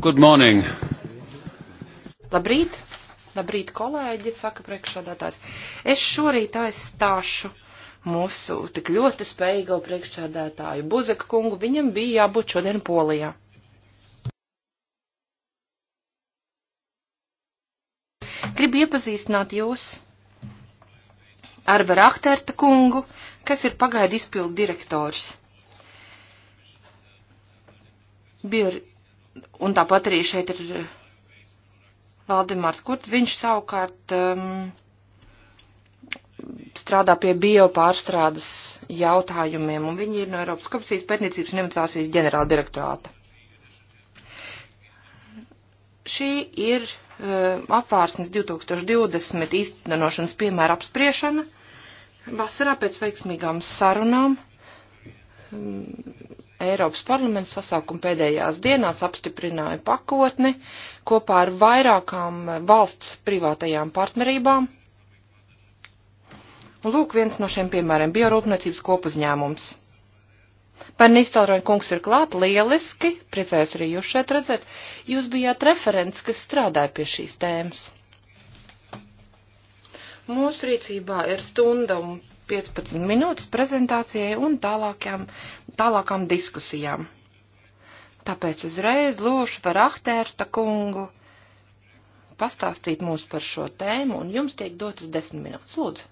Good morning. Labrīt. Labrīt, kolēģi, saka priekšsādātājs. Es šorīt aizstāšu mūsu tik ļoti spējīgo priekšsādātāju Buzeka kungu. Viņam bija jābūt šodien Polijā. Gribu iepazīstināt jūs ar Verakterta kungu, kas ir pagaidu izpildu direktors. Bior un tāpat arī šeit ir eh, Valdemārs Kurts, viņš savukārt um, strādā pie biopārstrādes jautājumiem, un viņi ir no Eiropas komisijas pētniecības un inovācijas ģenerāla direktorāta. Šī ir uh, apvārsnes 2020 īstenošanas piemēra apspriešana. Vasarā pēc veiksmīgām sarunām um, Eiropas parlaments sasaukuma pēdējās dienās apstiprināja pakotni kopā ar vairākām valsts privātajām partnerībām. Lūk, viens no šiem piemēriem bija rūpniecības kopuzņēmums. Pērnīstāroņa kungs ir klāt, lieliski, priecājos arī jūs šeit redzēt. Jūs bijāt referents, kas strādāja pie šīs tēmas. Mūsu rīcībā ir stunda un 15 minūtes prezentācijai un tālākām, tālākām diskusijām. Tāpēc uzreiz lūšu par Ahtērta kungu pastāstīt mums par šo tēmu, un jums tiek dotas 10 minūtes. Lūdzu!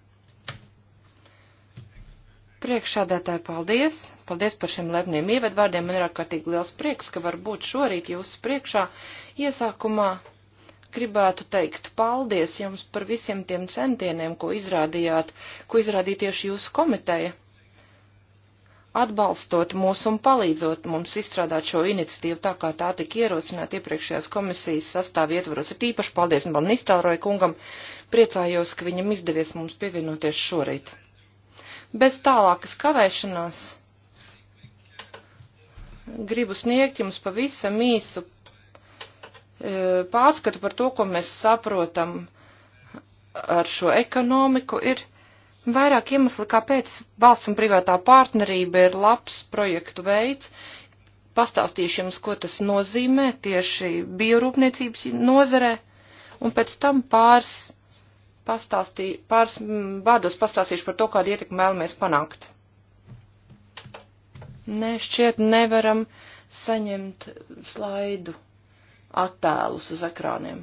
Priekšādētāji, paldies! Paldies par šiem lepniem ievadvārdiem. Man ir ārkārtīgi liels prieks, ka var būt šorīt jūsu priekšā iesākumā gribētu teikt paldies jums par visiem tiem centieniem, ko izrādījāt, ko izrādīja tieši jūsu komiteja, atbalstot mūs un palīdzot mums izstrādāt šo iniciatīvu tā, kā tā tika ierosināta iepriekšējās komisijas sastāv ietvaros. Ir īpaši paldies man Nistāroja kungam, priecājos, ka viņam izdevies mums pievienoties šorīt. Bez tālākas kavēšanās gribu sniegt jums pavisam īsu E, pārskatu par to, ko mēs saprotam ar šo ekonomiku, ir vairāk iemesli, kāpēc valsts un privātā partnerība ir labs projektu veids. Pastāstīšu jums, ko tas nozīmē tieši biorūpniecības nozarē, un pēc tam pāris, pastāstī, pāris mm, vārdos pastāstīšu par to, kādu ietekmi vēlamies panākt. Nē, šķiet, nevaram saņemt slaidu attēlus uz ekrāniem.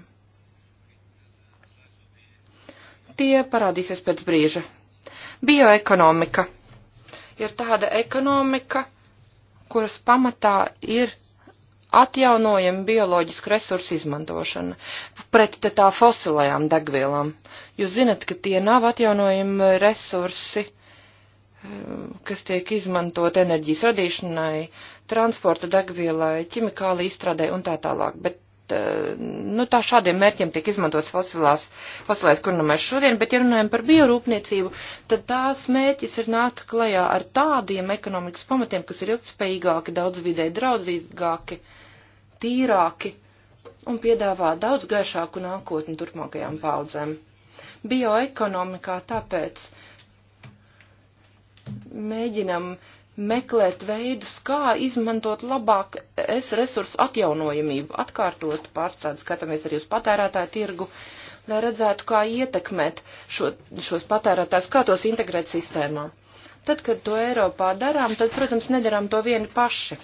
Tie parādīsies pēc brīža. Bioekonomika ir tāda ekonomika, kuras pamatā ir atjaunojama bioloģisku resursu izmantošana pretstatā fosilajām degvielām. Jūs zinat, ka tie nav atjaunojami resursi, kas tiek izmantot enerģijas radīšanai, transporta degvielai, ķimikāli izstrādē un tā tālāk. Bet eh, nu, tā šādiem mērķiem tiek izmantots fosilās, fosilais kurnamēs šodien, bet ja runājam par biorūpniecību, tad tās mērķis ir nākt klajā ar tādiem ekonomikas pamatiem, kas ir ilgspējīgāki, daudz vidē draudzīgāki, tīrāki un piedāvā daudz gaišāku nākotni turpmākajām paudzēm. Bioekonomikā tāpēc mēģinam meklēt veidus, kā izmantot labāk es resursu atjaunojamību, atkārtot pārstrādi, skatāmies arī uz patērētāju tirgu, lai redzētu, kā ietekmēt šo, šos patērētājs, kā tos integrēt sistēmā. Tad, kad to Eiropā darām, tad, protams, nedarām to vieni paši.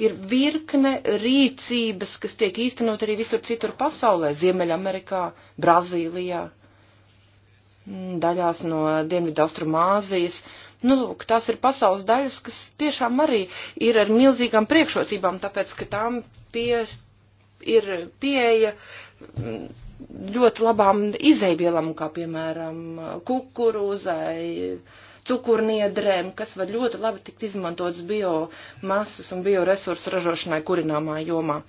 Ir virkne rīcības, kas tiek īstenot arī visur citur pasaulē, Ziemeļamerikā, Brazīlijā, daļās no Dienvidu Austrumāzijas. Austrumāzijas Nu, lūk, tās ir pasaules daļas, kas tiešām arī ir ar milzīgām priekšrocībām, tāpēc, ka tām pie, ir pieeja ļoti labām izēvielām, kā piemēram kukurūzai, cukurniedrēm, kas var ļoti labi tikt izmantotas biomasas un bioresursu ražošanai kurināmā jomā.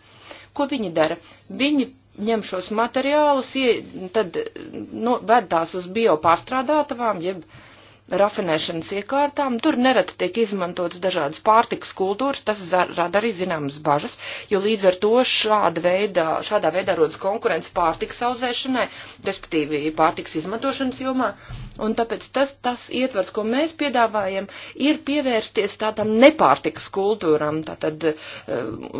Ko viņi dara? Viņi ņem šos materiālus, tad nu, ved tās uz biopārstrādātavām, jeb. Ja rafinēšanas iekārtām. Tur nereti tiek izmantotas dažādas pārtikas kultūras, tas rada arī zināmas bažas, jo līdz ar to šāda veidā, šādā veidā rodas konkurence pārtikas audzēšanai, respektīvi pārtikas izmantošanas jomā. Un tāpēc tas, tas ietvers, ko mēs piedāvājam, ir pievērsties tādam nepārtikas kultūram, tātad uh,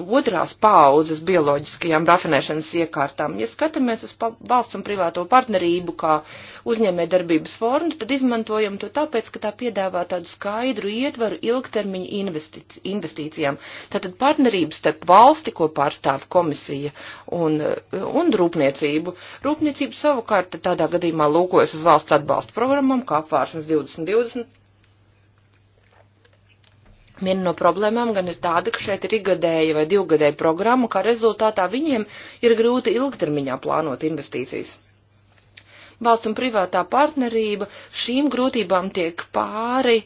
otrās paaudzes bioloģiskajām rafinēšanas iekārtām. Ja skatāmies uz valsts un privāto partnerību kā uzņēmē darbības formu, tad izmantojam to tāpēc, ka tā piedāvā tādu skaidru ietvaru ilgtermiņa investīcijām. Tātad partnerības starp valsti, ko pārstāv komisija, un, un rūpniecību. Rūpniecība savukārt tādā gadījumā lūkojas uz valsts atbalsta programmam, kā apvārsnes 2020 Viena no problēmām gan ir tāda, ka šeit ir igadēja vai divgadēja programma, kā rezultātā viņiem ir grūti ilgtermiņā plānot investīcijas valsts un privātā partnerība, šīm grūtībām tiek pāri,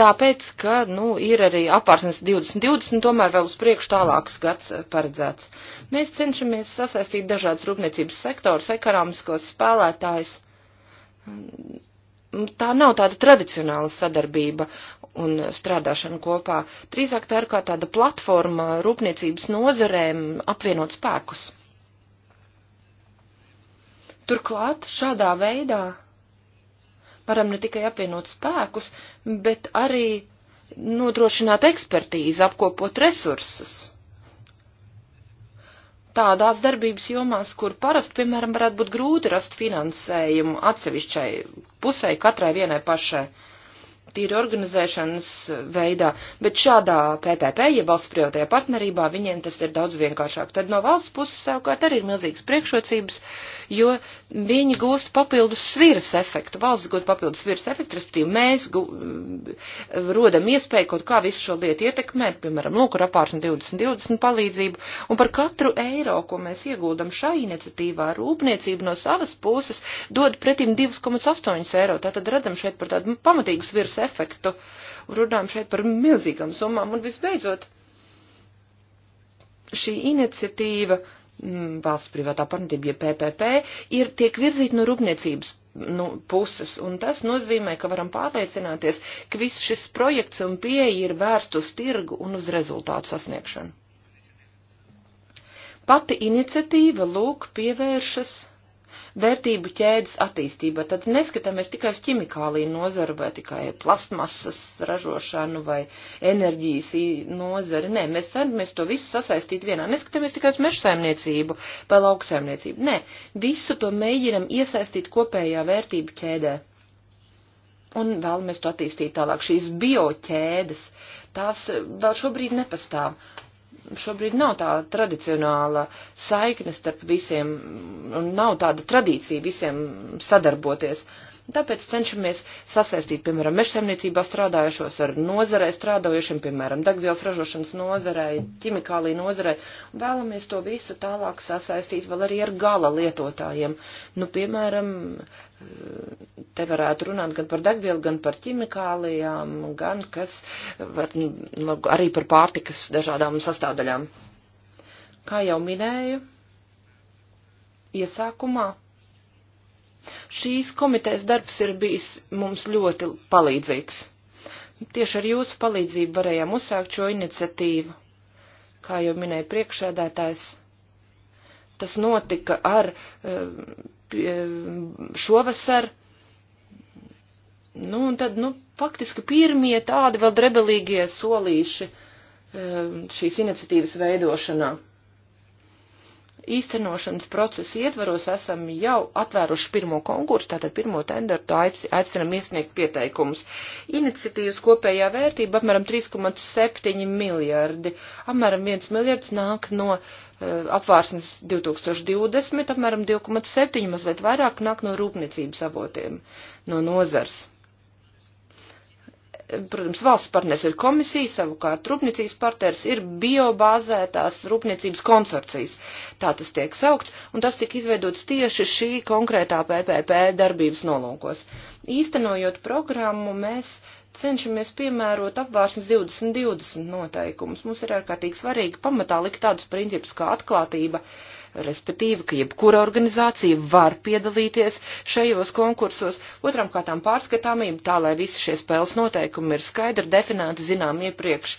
tāpēc, ka, nu, ir arī apārsnes 2020, tomēr vēl uz priekšu tālāks gads eh, paredzēts. Mēs cenšamies sasaistīt dažādas rūpniecības sektors, ekonomiskos spēlētājus. Mm, tā nav tāda tradicionāla sadarbība, un strādāšanu kopā. Drīzāk tā ir kā tāda platforma rūpniecības nozarēm apvienot spēkus. Turklāt šādā veidā varam ne tikai apvienot spēkus, bet arī nodrošināt ekspertīzi, apkopot resursus. Tādās darbības jomās, kur parasti, piemēram, varētu būt grūti rast finansējumu atsevišķai pusē, katrai vienai pašai. Uh, tīri organizēšanas eh, veidā, bet šādā PPP, ja valsts privātajā partnerībā, viņiem tas ir daudz vienkāršāk. Tad no valsts puses savukārt arī ir milzīgas priekšrocības, jo viņi gūst papildus sviras efektu. Valsts gūst papildus sviras efektu, respektīvi mēs gu, eh, rodam iespēju kaut kā visu šo lietu ietekmēt, piemēram, lūk, ar apāršanu 2020 palīdzību, un par katru eiro, ko mēs ieguldam šai iniciatīvā, rūpniecība no savas puses dod pretim 2,8 eiro. Tātad redzam šeit par tādu pamatīgu sviras efektu. Runājam šeit par milzīgām summām. Un visbeidzot, šī iniciatīva mm, valsts privātā partnerība, ja PPP, ir tiek virzīta no rūpniecības nu, puses. Un tas nozīmē, ka varam pārliecināties, ka viss šis projekts un pieeja ir vērsts uz tirgu un uz rezultātu sasniegšanu. Pati iniciatīva lūk pievēršas vērtību ķēdes attīstībā. Tad neskatāmies tikai uz ķimikāliju nozaru vai tikai plastmasas ražošanu vai enerģijas nozari. Nē, mēs centamies to visu sasaistīt vienā. Neskatāmies tikai uz mežsaimniecību vai lauksaimniecību. Nē, visu to mēģinam iesaistīt kopējā vērtību ķēdē. Un vēlamies to attīstīt tālāk. Šīs bioķēdes, tās vēl šobrīd nepastāv šobrīd nav tā tradicionāla saikne starp visiem un nav tāda tradīcija visiem sadarboties. Uh, Tāpēc cenšamies sasaistīt, piemēram, mežsaimniecībā strādājušos ar nozarē strādājušiem, piemēram, degvielas ražošanas nozarē, ķimikālī nozarē. Vēlamies to visu tālāk sasaistīt vēl arī ar gala lietotājiem. Nu, piemēram, te varētu runāt gan par degvielu, gan par ķimikālijām, gan kas var, nu, arī par pārtikas dažādām sastāvdaļām. Kā jau minēju, iesākumā Šīs komitejas darbs ir bijis mums ļoti palīdzīgs. Tieši ar jūsu palīdzību varējām uzsākt šo iniciatīvu. Kā jau minēja priekšēdētājs, tas notika ar eh, eh, šovasar. Nu, un tad, nu, faktiski pirmie tādi vēl drebelīgie solīši eh, šīs iniciatīvas veidošanā īstenošanas procesa ietvaros esam jau atvēruši pirmo konkursu, tātad pirmo tenderu, tā aicinam iesniegt pieteikumus. Iniciatīvas kopējā vērtība apmēram 3,7 miljardi, apmēram 1 miljards nāk no uh, apvārsnes 2020, apmēram 2,7 mazliet vairāk nāk no rūpniecības avotiem, no nozars protams, valsts partners ir komisija, savukārt rūpniecības partners ir biobāzētās rūpniecības konsorcijas. Tā tas tiek saukts, un tas tika izveidots tieši šī konkrētā PPP darbības nolūkos. Īstenojot programmu, mēs cenšamies piemērot apvārsnes 2020 noteikumus. Mums ir ārkārtīgi svarīgi pamatā likt tādus principus kā atklātība, uh, respektīvi, ka jebkura organizācija var piedalīties šajos konkursos. Otram kārtām pārskatāmība tā, lai visi šie spēles noteikumi ir skaidri definēti, zinām iepriekš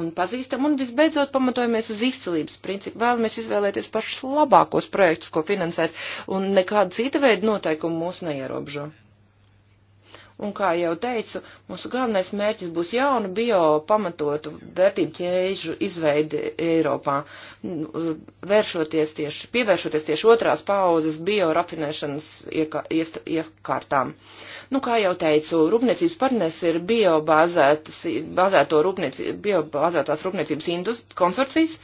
un pazīstam, un visbeidzot pamatojamies uz izcilības principu. Vēlamies izvēlēties pašus labākos projektus, ko finansēt, un nekāda cita veida noteikumu mūs neierobežo. Un, kā jau teicu, mūsu galvenais mērķis būs jaunu bio pamatotu vērtību ķēžu izveidi Eiropā, uh, vēršoties tieši, pievēršoties tieši otrās paudzes bio rafinēšanas iekārtām. Nu, kā jau teicu, rūpniecības partners ir bio bāzēto rūpniecību, bio bāzētās rūpniecības indust, konsorcijas,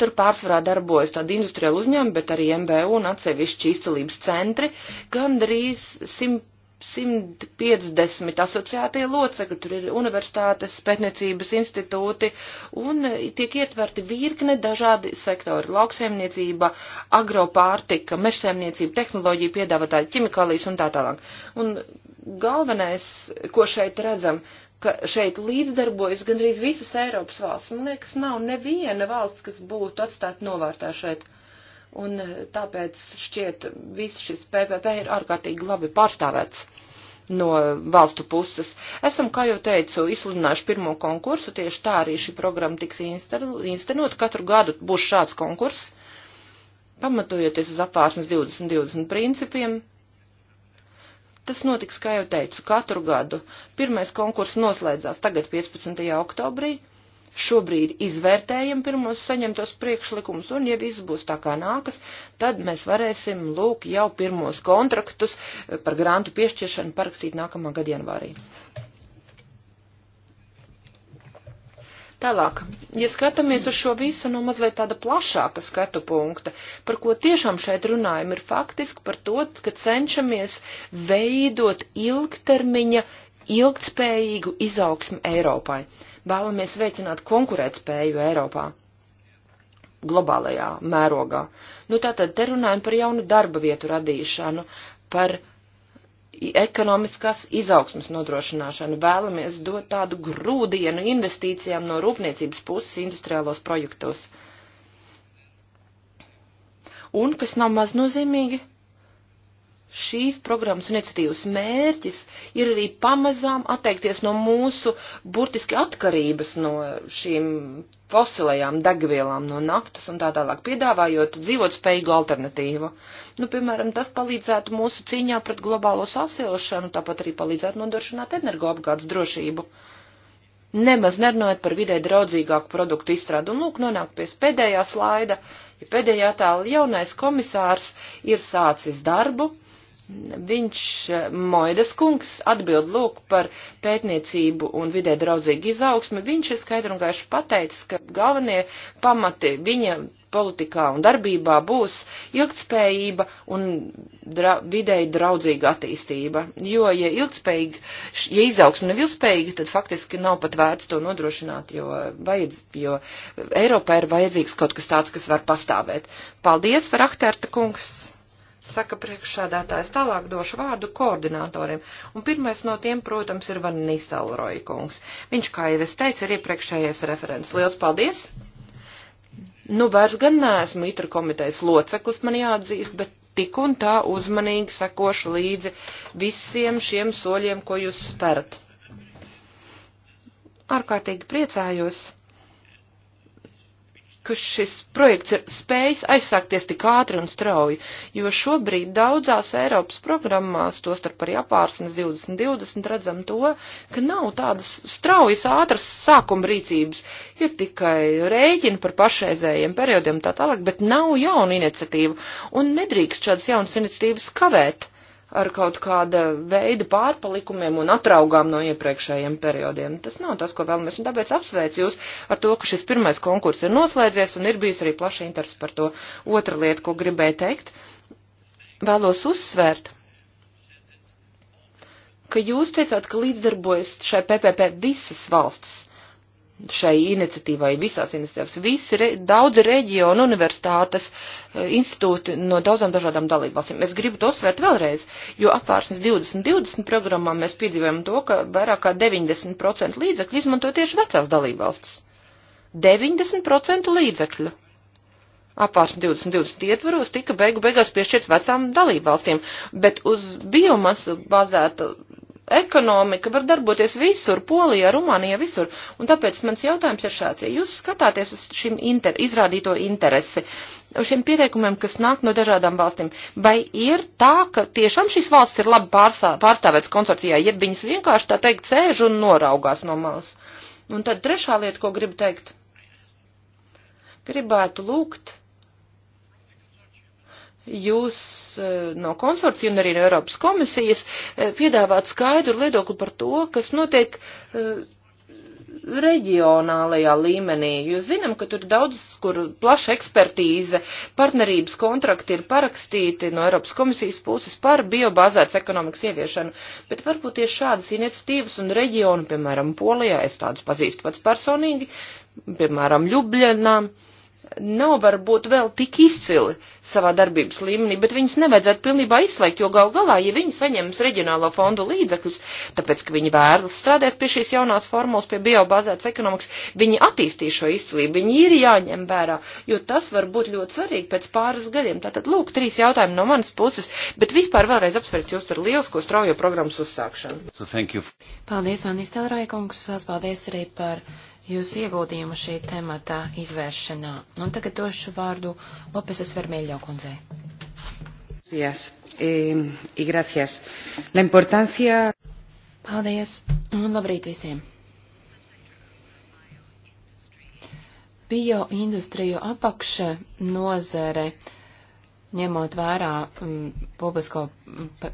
Tur pārsvarā darbojas tādi industriāli uzņēmumi, bet arī MBU un atsevišķi izcelības centri, gandrīz simt 150 asociētie locekļi, tur ir universitātes, pētniecības institūti, un tiek ietverti virkne dažādi sektori - lauksaimniecība, agropārtika, mežsaimniecība, tehnoloģija piedāvātāji, ķimikālijas un tā tālāk. Un galvenais, ko šeit redzam, ka šeit līdzdarbojas gandrīz visas Eiropas valsts. Man liekas, nav neviena valsts, kas būtu atstāta novārtā šeit. Uh, un eh, tāpēc šķiet viss šis PPP ir ārkārtīgi labi pārstāvēts no valstu puses. Esam, kā jau teicu, izsludinājuši pirmo konkursu, tieši tā arī šī programma tiks instenot. Katru gadu būs šāds konkurss, pamatojoties uz apvārsnes 2020 principiem. Tas notiks, kā jau teicu, katru gadu. Pirmais konkurss noslēdzās tagad 15. oktobrī, šobrīd izvērtējam pirmos saņemtos priekšlikumus, un ja viss būs tā kā nākas, tad mēs varēsim lūk jau pirmos kontraktus eh, par grantu piešķiršanu parakstīt nākamā gada janvārī. Tālāk, ja skatāmies uz šo visu no mazliet tāda plašāka skatu punkta, par ko tiešām šeit runājam, ir faktiski par to, ka cenšamies veidot ilgtermiņa, ilgtspējīgu izaugsmu Eiropai. Uh, vēlamies veicināt konkurētspēju Eiropā globālajā mērogā. Nu, tātad te runājam par jaunu darba vietu radīšanu, par ekonomiskās izaugsmas nodrošināšanu. Vēlamies dot tādu grūdienu investīcijām no rūpniecības puses industriālos projektos. Un, kas nav maz nozīmīgi, šīs programmas un iniciatīvas mērķis ir arī pamazām atteikties no mūsu burtiski atkarības no šīm fosilajām degvielām, no naftas un tā tālāk, piedāvājot dzīvot spējīgu alternatīvu. Nu, piemēram, tas palīdzētu mūsu cīņā pret globālo sasilšanu, tāpat arī palīdzētu nodrošināt energoapgādes drošību. Nemaz nerunājot par vidē draudzīgāku produktu izstrādu, un lūk, nonāk pie pēdējā slaida, ja pēdējā tāla jaunais komisārs ir sācis darbu, Viņš, eh, Moidas kungs, atbild lūk par pētniecību un vidē draudzīgu izaugsmi. Viņš ir skaidri un gaiši pateicis, ka galvenie pamati viņa politikā un darbībā būs ilgtspējība un dra vidēji draudzīga attīstība. Jo, ja ilgtspējīga, ja izaugsme nav ilgtspējīga, tad faktiski nav pat vērts to nodrošināt, jo, vajadz, jo Eiropā ir vajadzīgs kaut kas tāds, kas var pastāvēt. Paldies, Faraktērta kungs! saka priekšsādātājs, tālāk došu vārdu koordinatoriem, un pirmais no tiem, protams, ir Van Nistelroja kungs. Viņš, kā jau es teicu, ir iepriekšējais referents. Liels paldies! Nu, vairs gan neesmu itra komitejas loceklis, man jāatzīst, bet tik un tā uzmanīgi sekošu līdzi visiem šiem soļiem, ko jūs sperat. Ārkārtīgi priecājos! ka šis projekts ir spējis aizsākties tik ātri un strauji, jo šobrīd daudzās Eiropas programmās, tostarp arī apārsnes 2020, redzam to, ka nav tādas straujas ātras sākuma rīcības, ir tikai rēķini par pašreizējiem periodiem tā tālāk, bet nav jauna iniciatīva, un nedrīkst šādas jaunas iniciatīvas kavēt ar kaut kāda veida pārpalikumiem un atraugām no iepriekšējiem periodiem. Tas nav tas, ko vēlamies, un tāpēc apsveicu jūs ar to, ka šis pirmais konkurss ir noslēdzies un ir bijis arī plaša interesi par to. Otra lieta, ko gribēju teikt, vēlos uzsvērt, ka jūs teicāt, ka līdzdarbojas šai PPP visas valsts šai iniciatīvai, visās iniciatīvās. Visi, re, daudzi reģionu universitātes eh, institūti no daudzām dažādām dalībvalstīm. Es gribu to uzsvērt vēlreiz, jo apvārsnes 2020 programmā mēs piedzīvojam to, ka vairāk kā 90% līdzekļu izmanto tieši vecās dalībvalstis. 90% līdzekļu apvārs 2020 ietvaros tika beigu beigās piešķirts vecām dalībvalstīm, bet uz biomasu bazēta ekonomika var darboties visur, Polijā, Rumānijā, visur. Un tāpēc mans jautājums ir šāds. Ja jūs skatāties uz šim inter, izrādīto interesi, uz šiem pieteikumiem, kas nāk no dažādām valstīm, vai ir tā, ka tiešām šīs valsts ir labi pārsā, pārstāvētas konsorcijā, ja viņas vienkārši tā teikt sēž un noraugās no malas? Un tad trešā lieta, ko gribu teikt. Gribētu lūgt jūs eh, no konsorcija un arī no Eiropas komisijas eh, piedāvāt skaidru liedokli par to, kas notiek eh, reģionālajā līmenī, jo zinām, ka tur daudz, kur plaša ekspertīze, partnerības kontrakti ir parakstīti no Eiropas komisijas puses par biobāzētas ekonomikas ieviešanu, bet varbūt tieši šādas iniciatīvas un reģionu, piemēram, Polijā, es tādus pazīstu pats personīgi, piemēram, Ljubļanā, uh, nav varbūt vēl tik izcili savā darbības līmenī, bet viņus nevajadzētu pilnībā izslēgt, jo gal galā, ja viņi saņems reģionālo fondu līdzekļus, tāpēc, ka viņi vēlas strādāt pie šīs jaunās formulas, pie biobāzētas ekonomikas, viņi attīstīs šo izcilību, viņi ir jāņem vērā, jo tas var būt ļoti svarīgi pēc pāris gadiem. Tātad, lūk, trīs jautājumi no manas puses, bet vispār vēlreiz apsveicu jūs ar lielisko straujo programmas uzsākšanu. So, Paldies, Vanis Telraikungs, paldies arī par jūsu ieguldījumu šī temata izvēršanā. Un tagad došu vārdu Lopeses Vermeļo kundzei. Yes. E, gracias. La importancia... Paldies un labrīt visiem! Bioindustriju apakša nozare, ņemot vērā um, publisko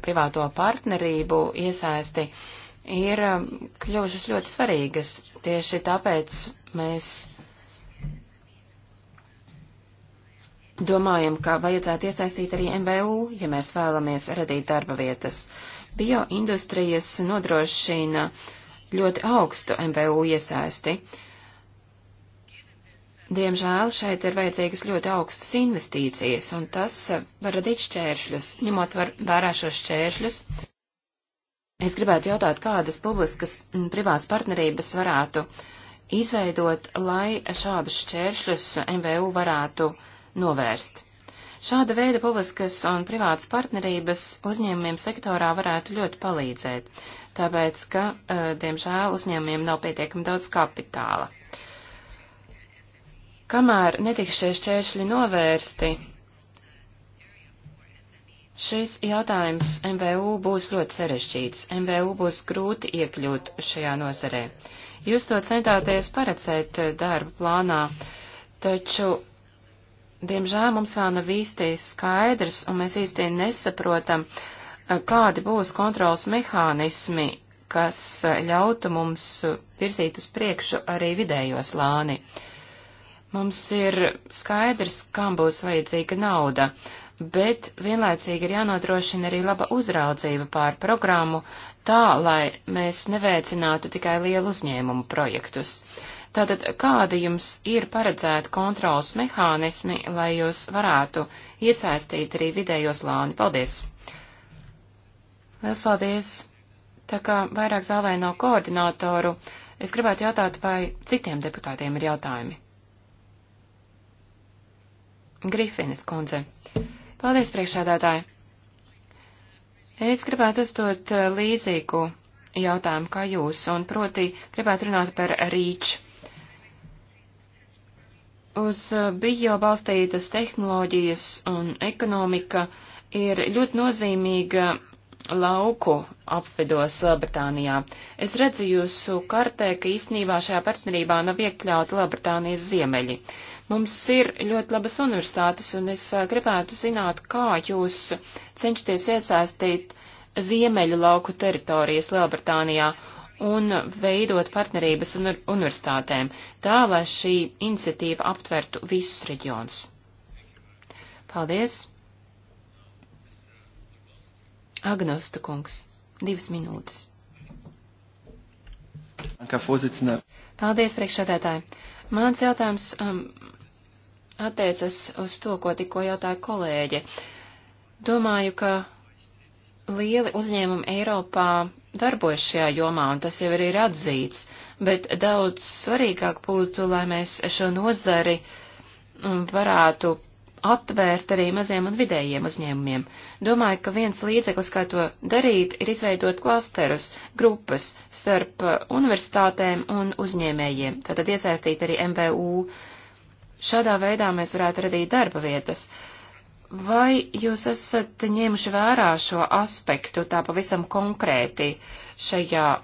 privāto partnerību, iesaisti uh, ir um, kļuvušas ļoti svarīgas. Tieši tāpēc mēs domājam, ka vajadzētu iesaistīt arī MVU, ja mēs vēlamies radīt darba vietas. Bioindustrijas nodrošina ļoti augstu MVU iesaisti. Diemžēl šeit ir vajadzīgas ļoti augstas investīcijas, un tas var radīt šķēršļus, ņemot vērā šos šķēršļus. Es gribētu jautāt, kādas publiskas privātas partnerības varētu izveidot, lai šādus šķēršļus MVU varētu novērst. Šāda veida publiskas un privātas partnerības uzņēmumiem sektorā varētu ļoti palīdzēt, tāpēc, ka, e, diemžēl, uzņēmumiem nav pietiekami daudz kapitāla. Kamēr netiks šie šķēršļi novērsti, Šis jautājums MVU būs ļoti sarežģīts. MVU būs grūti iekļūt šajā nozarē. Jūs to centāties paredzēt darba plānā, taču, diemžēl, mums vēl nav īsti skaidrs, un mēs īsti nesaprotam, kādi būs kontrols mehānismi, kas ļautu mums virzīt uz priekšu arī vidējo slāni. Mums ir skaidrs, kam būs vajadzīga nauda bet vienlaicīgi ir jānodrošina arī laba uzraudzība pār programmu, tā, lai mēs neveicinātu tikai lielu uzņēmumu projektus. Tātad, kādi jums ir paredzēti kontrols mehānismi, lai jūs varētu iesaistīt arī vidējos lāni? Paldies! Liels paldies! Tā kā vairāk zālē nav koordinātoru, es gribētu jautāt, vai citiem deputātiem ir jautājumi. Grifinis kundze. Uh, Paldies, priekšsēdētāji! Es gribētu uzdot eh, līdzīgu jautājumu kā jūs, un proti gribētu runāt par rīču. Uz eh, bio balstītas tehnoloģijas un ekonomika ir ļoti nozīmīga lauku apvidos Lielbritānijā. Es redzu jūsu kartē, ka īstenībā šajā partnerībā nav iekļauta Lielbritānijas ziemeļi. Uh, Mums ir ļoti labas universitātes, un es gribētu zināt, kā jūs cenšaties iesaistīt ziemeļu lauku teritorijas Lielbritānijā un veidot partnerības un universitātēm, tā lai šī iniciatīva aptvertu visus reģionus. Paldies! Agnosta kungs, divas minūtes. Paldies, priekšsēdētāji. Mans jautājums um, attiecas uz to, ko tikko jautāja kolēģi. Domāju, ka lieli uzņēmumi Eiropā darbojas šajā jomā, un tas jau arī ir atzīts, bet daudz svarīgāk būtu, lai mēs šo nozari mm, varētu atvērt arī maziem un vidējiem uzņēmumiem. Domāju, ka viens līdzeklis, kā to darīt, ir izveidot klasterus, grupas starp uh, universitātēm un uzņēmējiem, tātad iesaistīt arī MVU. Šādā veidā mēs varētu radīt darba vietas. Vai jūs esat ņēmuši vērā šo aspektu tā pavisam konkrēti šajā uh,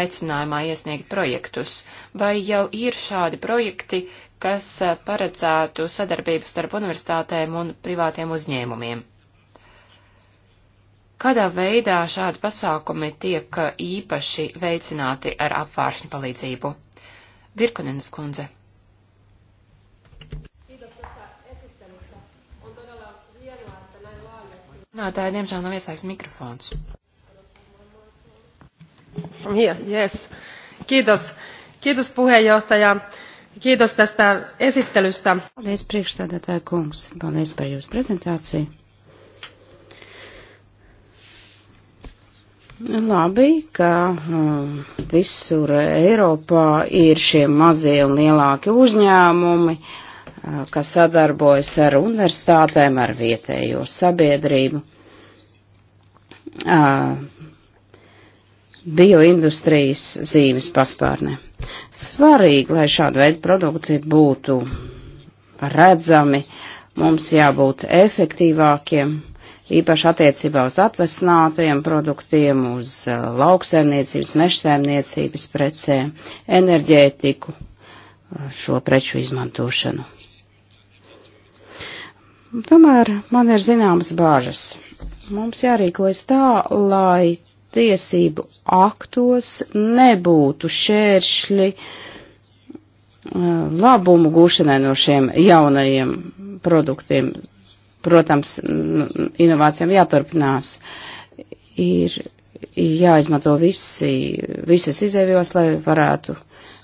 aicinājumā iesniegt projektus? Vai jau ir šādi projekti, kas uh, paredzētu sadarbību starp universitātēm un privātiem uzņēmumiem? Kādā veidā šādi pasākumi tiek uh, īpaši veicināti ar apvāršņu palīdzību? Virkunenes kundze. Runātāja, diemžēl nav ieslēgts mikrofons. Yeah, yes. Kiitos. Kiitos puheenjohtaja. Kiitos tästä esittelystä. Paldies priekšstādātāja kungs. Paldies par jūsu prezentāciju. Labi, ka um, visur Eiropā ir šie mazie un lielāki uzņēmumi. Uh, kas sadarbojas ar universitātēm, ar vietējo sabiedrību. Bioindustrijas zīmes paspārnē. Svarīgi, lai šāda veida produkti būtu redzami, mums jābūt efektīvākiem, īpaši attiecībā uz atvesinātajiem produktiem, uz lauksaimniecības, mežsaimniecības precēm, enerģētiku, šo preču izmantošanu. Tomēr man ir zināmas bāžas. Mums jārīkojas tā, lai tiesību aktos nebūtu šēršļi eh, labumu gūšanai no šiem jaunajiem produktiem. Protams, inovācijām jāturpinās. Ir jāizmanto visi, visas izēvielas, lai varētu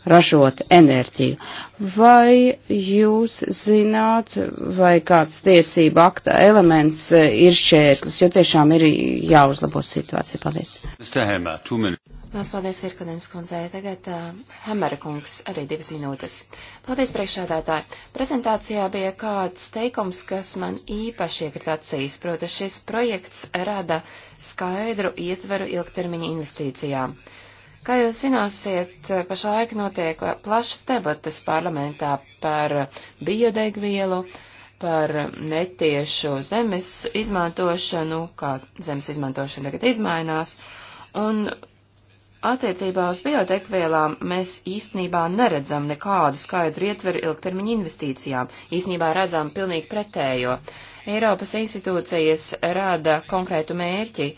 ražot enerģiju. Vai jūs zināt, vai kāds tiesība akta elements e, ir šķērslis, jo tiešām ir jāuzlabo situācija. Paldies. Lās paldies, Virkadens kundzei. Tagad uh, e, Hemera kungs arī divas minūtes. Paldies, priekšādātāji. Prezentācijā bija kāds teikums, kas man īpaši iekrita acīs, proti šis projekts rada skaidru ietveru ilgtermiņa investīcijām. Uh, Kā jūs zināsiet, pašlaik notiek plašas debatas parlamentā par biodegvielu, par netiešu zemes izmantošanu, kā zemes izmantošana tagad izmainās, un attiecībā uz biodegvielām mēs īstenībā neredzam nekādu skaidru ietveru ilgtermiņa investīcijām, īstenībā redzam pilnīgi pretējo. Eiropas institūcijas rada konkrētu mērķi,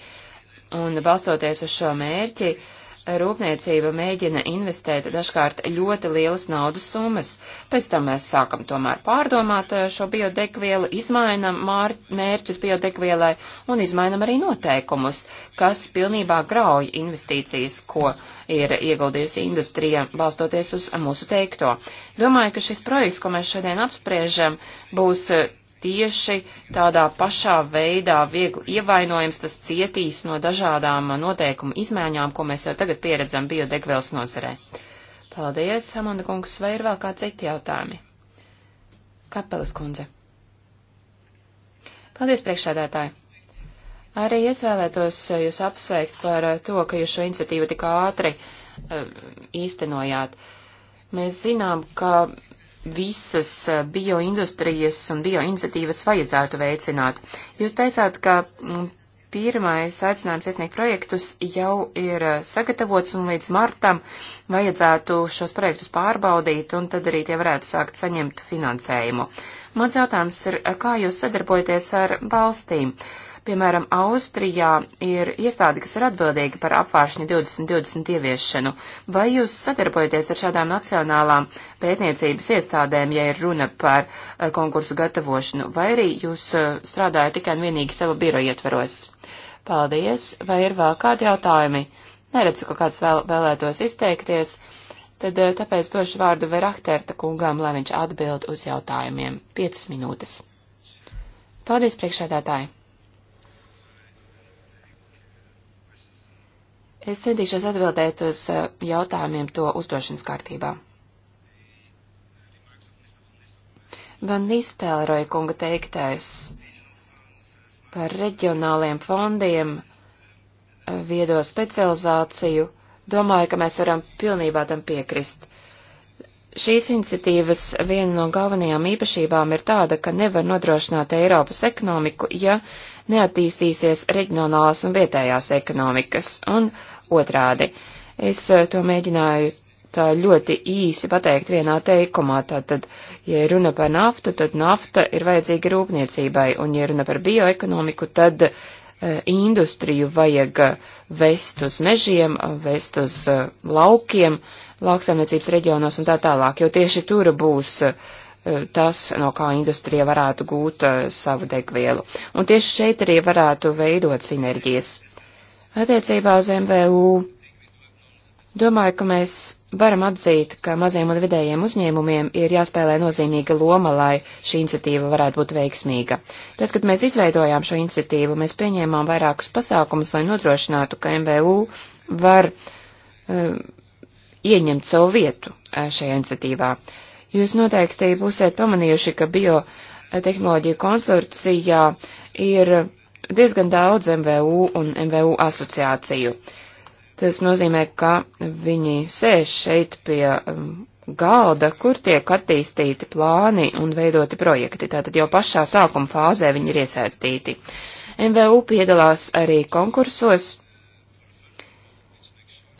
un balstoties uz šo mērķi, uh, rūpniecība mēģina investēt dažkārt ļoti lielas naudas summas. Pēc tam mēs sākam tomēr pārdomāt eh, šo biodegvielu, izmainam mērķus biodegvielai un izmainam arī noteikumus, kas pilnībā grauj investīcijas, ko ir ieguldījusi industrija, balstoties uz mūsu teikto. Domāju, ka šis projekts, ko mēs šodien apspriežam, būs eh, tieši tādā pašā veidā viegli ievainojams, tas cietīs no dažādām noteikumu izmaiņām, ko mēs jau tagad pieredzam biodegvielas nozarē. Paldies, Amanda kungs, vai ir vēl kā citi jautājumi? Kapelas kundze. Paldies, priekšsēdētāji. Arī es vēlētos jūs apsveikt par to, ka jūs šo iniciatīvu tik ātri eh, īstenojāt. Mēs zinām, ka visas eh, bioindustrijas un bioiniciatīvas vajadzētu veicināt. Jūs teicāt, ka mm, pirmais aicinājums iesniegt projektus jau ir eh, sagatavots un līdz martam vajadzētu šos projektus pārbaudīt un tad arī tie varētu sākt saņemt finansējumu. Mans jautājums ir, eh, kā jūs sadarbojaties ar valstīm? Uh, Piemēram, Austrijā ir iestāde, kas ir atbildīga par apvāršņu 2020 ieviešanu. Vai jūs sadarbojaties ar šādām nacionālām pētniecības iestādēm, ja ir runa par eh, konkursu gatavošanu, vai arī jūs eh, strādājat tikai un vienīgi savu biroju ietveros? Paldies, vai ir vēl kādi jautājumi? Neredzu, ka kāds vēl, vēlētos izteikties, tad eh, tāpēc došu vārdu Verahterta kungam, lai viņš atbild uz jautājumiem. Piecas minūtes. Paldies, priekšsēdētāji! Es centīšos atbildēt uz eh, jautājumiem to uzdošanas kārtībā. Van Nistelroja kunga teiktais par reģionāliem fondiem, eh, viedo specializāciju, domāju, ka mēs varam pilnībā tam piekrist. Šīs iniciatīvas viena no galvenajām īpašībām ir tāda, ka nevar nodrošināt Eiropas ekonomiku, ja neattīstīsies reģionālās un vietējās ekonomikas, un otrādi. Es eh, to mēģināju tā ļoti īsi pateikt vienā teikumā. Tātad, ja runa par naftu, tad nafta ir vajadzīga rūpniecībai, un ja runa par bioekonomiku, tad uh, industriju vajag eh, vest uz mežiem, vest uz uh, laukiem, lauksaimniecības reģionos un tā tālāk, jo tieši tur būs uh, tas, no kā industrija varētu gūt savu degvielu. Un tieši šeit arī varētu veidot sinerģijas. Attiecībā uz MVU domāju, ka mēs varam atzīt, ka maziem un vidējiem uzņēmumiem ir jāspēlē nozīmīga loma, lai šī iniciatīva varētu būt veiksmīga. Tad, kad mēs izveidojām šo iniciatīvu, mēs pieņēmām vairākus pasākumus, lai nodrošinātu, ka MVU var um, ieņemt savu vietu eh, šajā iniciatīvā. Jūs noteikti būsiet pamanījuši, ka biotehnoloģija eh, konsorcijā ir diezgan daudz MVU un MVU asociāciju. Tas nozīmē, ka viņi sēž šeit pie um, galda, kur tiek attīstīti plāni un veidoti projekti. Tātad jau pašā sākuma fāzē viņi ir iesaistīti. MVU piedalās arī konkursos.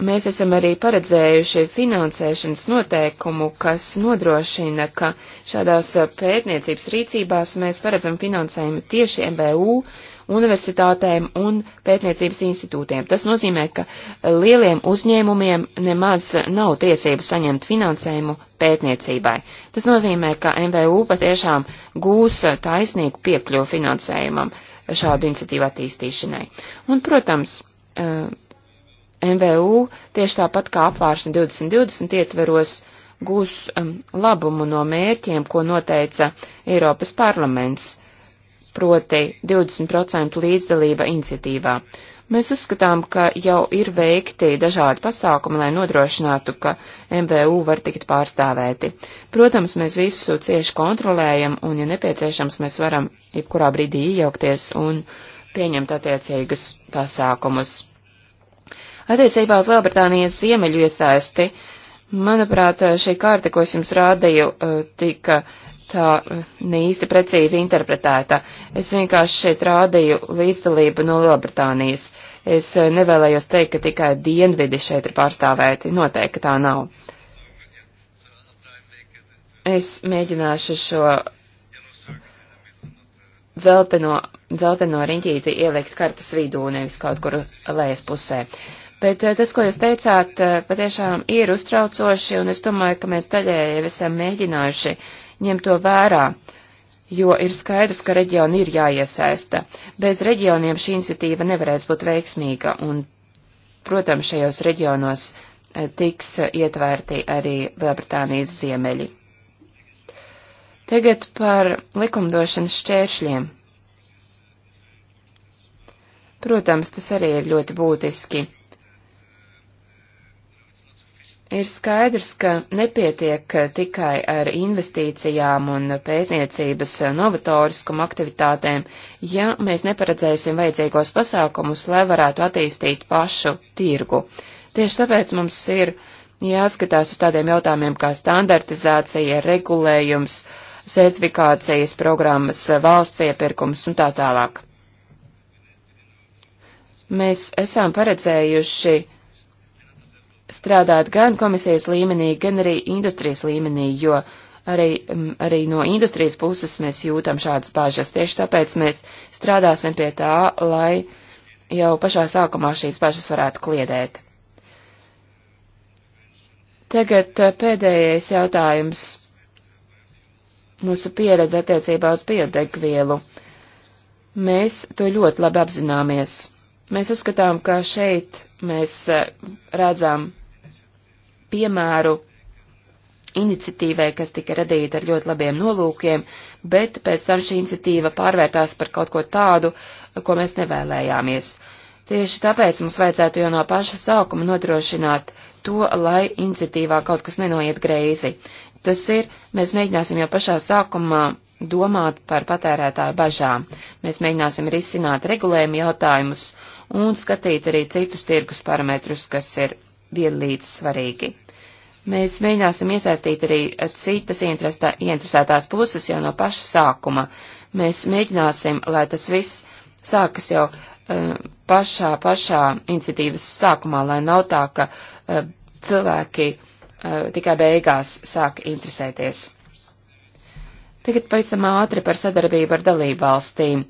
Mēs esam arī paredzējuši finansēšanas noteikumu, kas nodrošina, ka šādās pētniecības rīcībās mēs paredzam finansējumu tieši MVU, universitātēm un pētniecības institūtiem. Tas nozīmē, ka lieliem uzņēmumiem nemaz nav tiesību saņemt finansējumu pētniecībai. Tas nozīmē, ka MVU patiešām gūs taisnīgu piekļuvu finansējumam šādu iniciatīvu attīstīšanai. Un, protams, eh, MVU tieši tāpat kā apvāršana 2020 ietveros gūs um, labumu no mērķiem, ko noteica Eiropas parlaments proti 20% līdzdalība iniciatīvā. Mēs uzskatām, ka jau ir veikti dažādi pasākumi, lai nodrošinātu, ka MVU var tikt pārstāvēti. Protams, mēs visu cieši kontrolējam, un, ja nepieciešams, mēs varam jebkurā brīdī iejaukties un pieņemt attiecīgas pasākumus. Attiecībā uz Lielbritānijas ziemeļu iesaisti, manuprāt, šī kārta, ko es jums rādīju, tika tā neīsti precīzi interpretēta. Es vienkārši šeit rādīju līdzdalību no Lielbritānijas. Es eh, nevēlējos teikt, ka tikai dienvidi šeit ir pārstāvēti. Noteikti tā nav. Es mēģināšu šo dzelteno, dzelteno riņķīti ielikt kartas vidū, nevis kaut kur lejas pusē. Bet eh, tas, ko jūs teicāt, eh, patiešām ir uztraucoši, un es domāju, ka mēs daļēji jau esam mēģinājuši uh, ņem to vērā, jo ir skaidrs, ka reģioni ir jāiesaista. Bez reģioniem šī iniciatīva nevarēs būt veiksmīga, un, protams, šajos reģionos eh, tiks eh, ietvērti arī Lielbritānijas ziemeļi. Tagad par likumdošanas šķēršļiem. Protams, tas arī ir ļoti būtiski. Ir skaidrs, ka nepietiek tikai ar investīcijām un pētniecības novatoriskumu aktivitātēm, ja mēs neparedzēsim vajadzīgos pasākumus, lai varētu attīstīt pašu tirgu. Tieši tāpēc mums ir jāskatās uz tādiem jautājumiem kā standartizācija, regulējums, certifikācijas programmas, valsts iepirkums un tā tālāk. Mēs esam paredzējuši strādāt gan komisijas līmenī, gan arī industrijas līmenī, jo arī, mm, arī no industrijas puses mēs jūtam šādas bāžas. Tieši tāpēc mēs strādāsim pie tā, lai jau pašā sākumā šīs bāžas varētu kliedēt. Tagad eh, pēdējais jautājums. Mūsu pieredze attiecībā uz biodegvielu. Mēs to ļoti labi apzināmies. Mēs uzskatām, ka šeit mēs eh, redzam piemēru iniciatīvai, kas tika radīta ar ļoti labiem nolūkiem, bet pēc tam šī iniciatīva pārvērtās par kaut ko tādu, ko mēs nevēlējāmies. Tieši tāpēc mums vajadzētu jau no paša sākuma nodrošināt to, lai iniciatīvā kaut kas nenoiet greizi. Tas ir, mēs mēģināsim jau pašā sākumā domāt par patērētāju bažām. Mēs mēģināsim risināt regulējumu jautājumus un skatīt arī citus tirgus parametrus, kas ir vienlīdz svarīgi. Mēs mēģināsim iesaistīt arī citas ieinteresētās puses jau no paša sākuma. Mēs mēģināsim, lai tas viss sākas jau uh, pašā, pašā iniciatīvas sākumā, lai nav tā, ka uh, cilvēki uh, tikai beigās sāk interesēties. Tagad pavisam ātri par sadarbību ar dalību valstīm.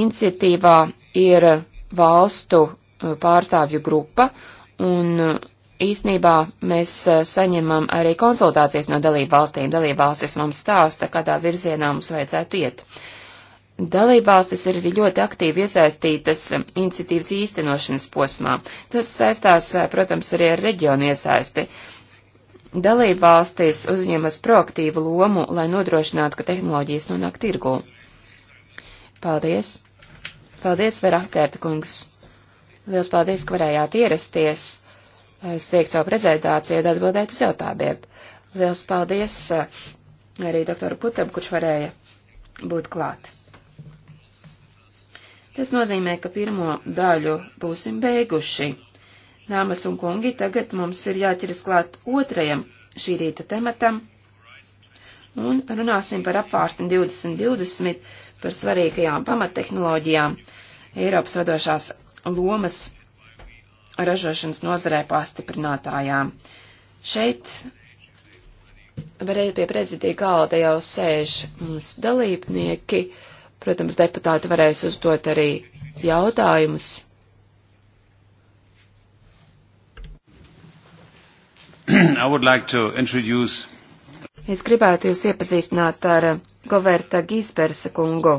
Iniciatīvā ir valstu Eh, pārstāvju grupa, un eh, īsnībā mēs eh, saņemam arī konsultācijas no dalību valstīm. Dalību valstis mums stāsta, kādā virzienā mums vajadzētu iet. Dalībvalstis ir ļoti aktīvi iesaistītas iniciatīvas īstenošanas posmā. Tas saistās, protams, arī ar reģionu iesaisti. Dalībvalstis uzņemas proaktīvu lomu, lai nodrošinātu, ka tehnoloģijas nonāk tirgū. Paldies! Paldies, Veraktērta kungs! Liels paldies, ka varējāt ierasties, eh, sniegt savu prezentāciju un atbildēt uz jautājumiem. Liels paldies eh, arī doktoru Putam, kurš varēja būt klāt. Tas nozīmē, ka pirmo daļu būsim beiguši. Nāmas un kungi, tagad mums ir jāķeras klāt otrajam šī rīta tematam un runāsim par apvārstni 2020, par svarīgajām pamattehnoloģijām Eiropas vadošās lomas ražošanas nozarē pastiprinātājām. Šeit varēja pie prezidija galda jau sēž mums dalībnieki. Protams, deputāti varēs uzdot arī jautājumus. Like introduce... Es gribētu jūs iepazīstināt ar Goverta Gīspersa kungu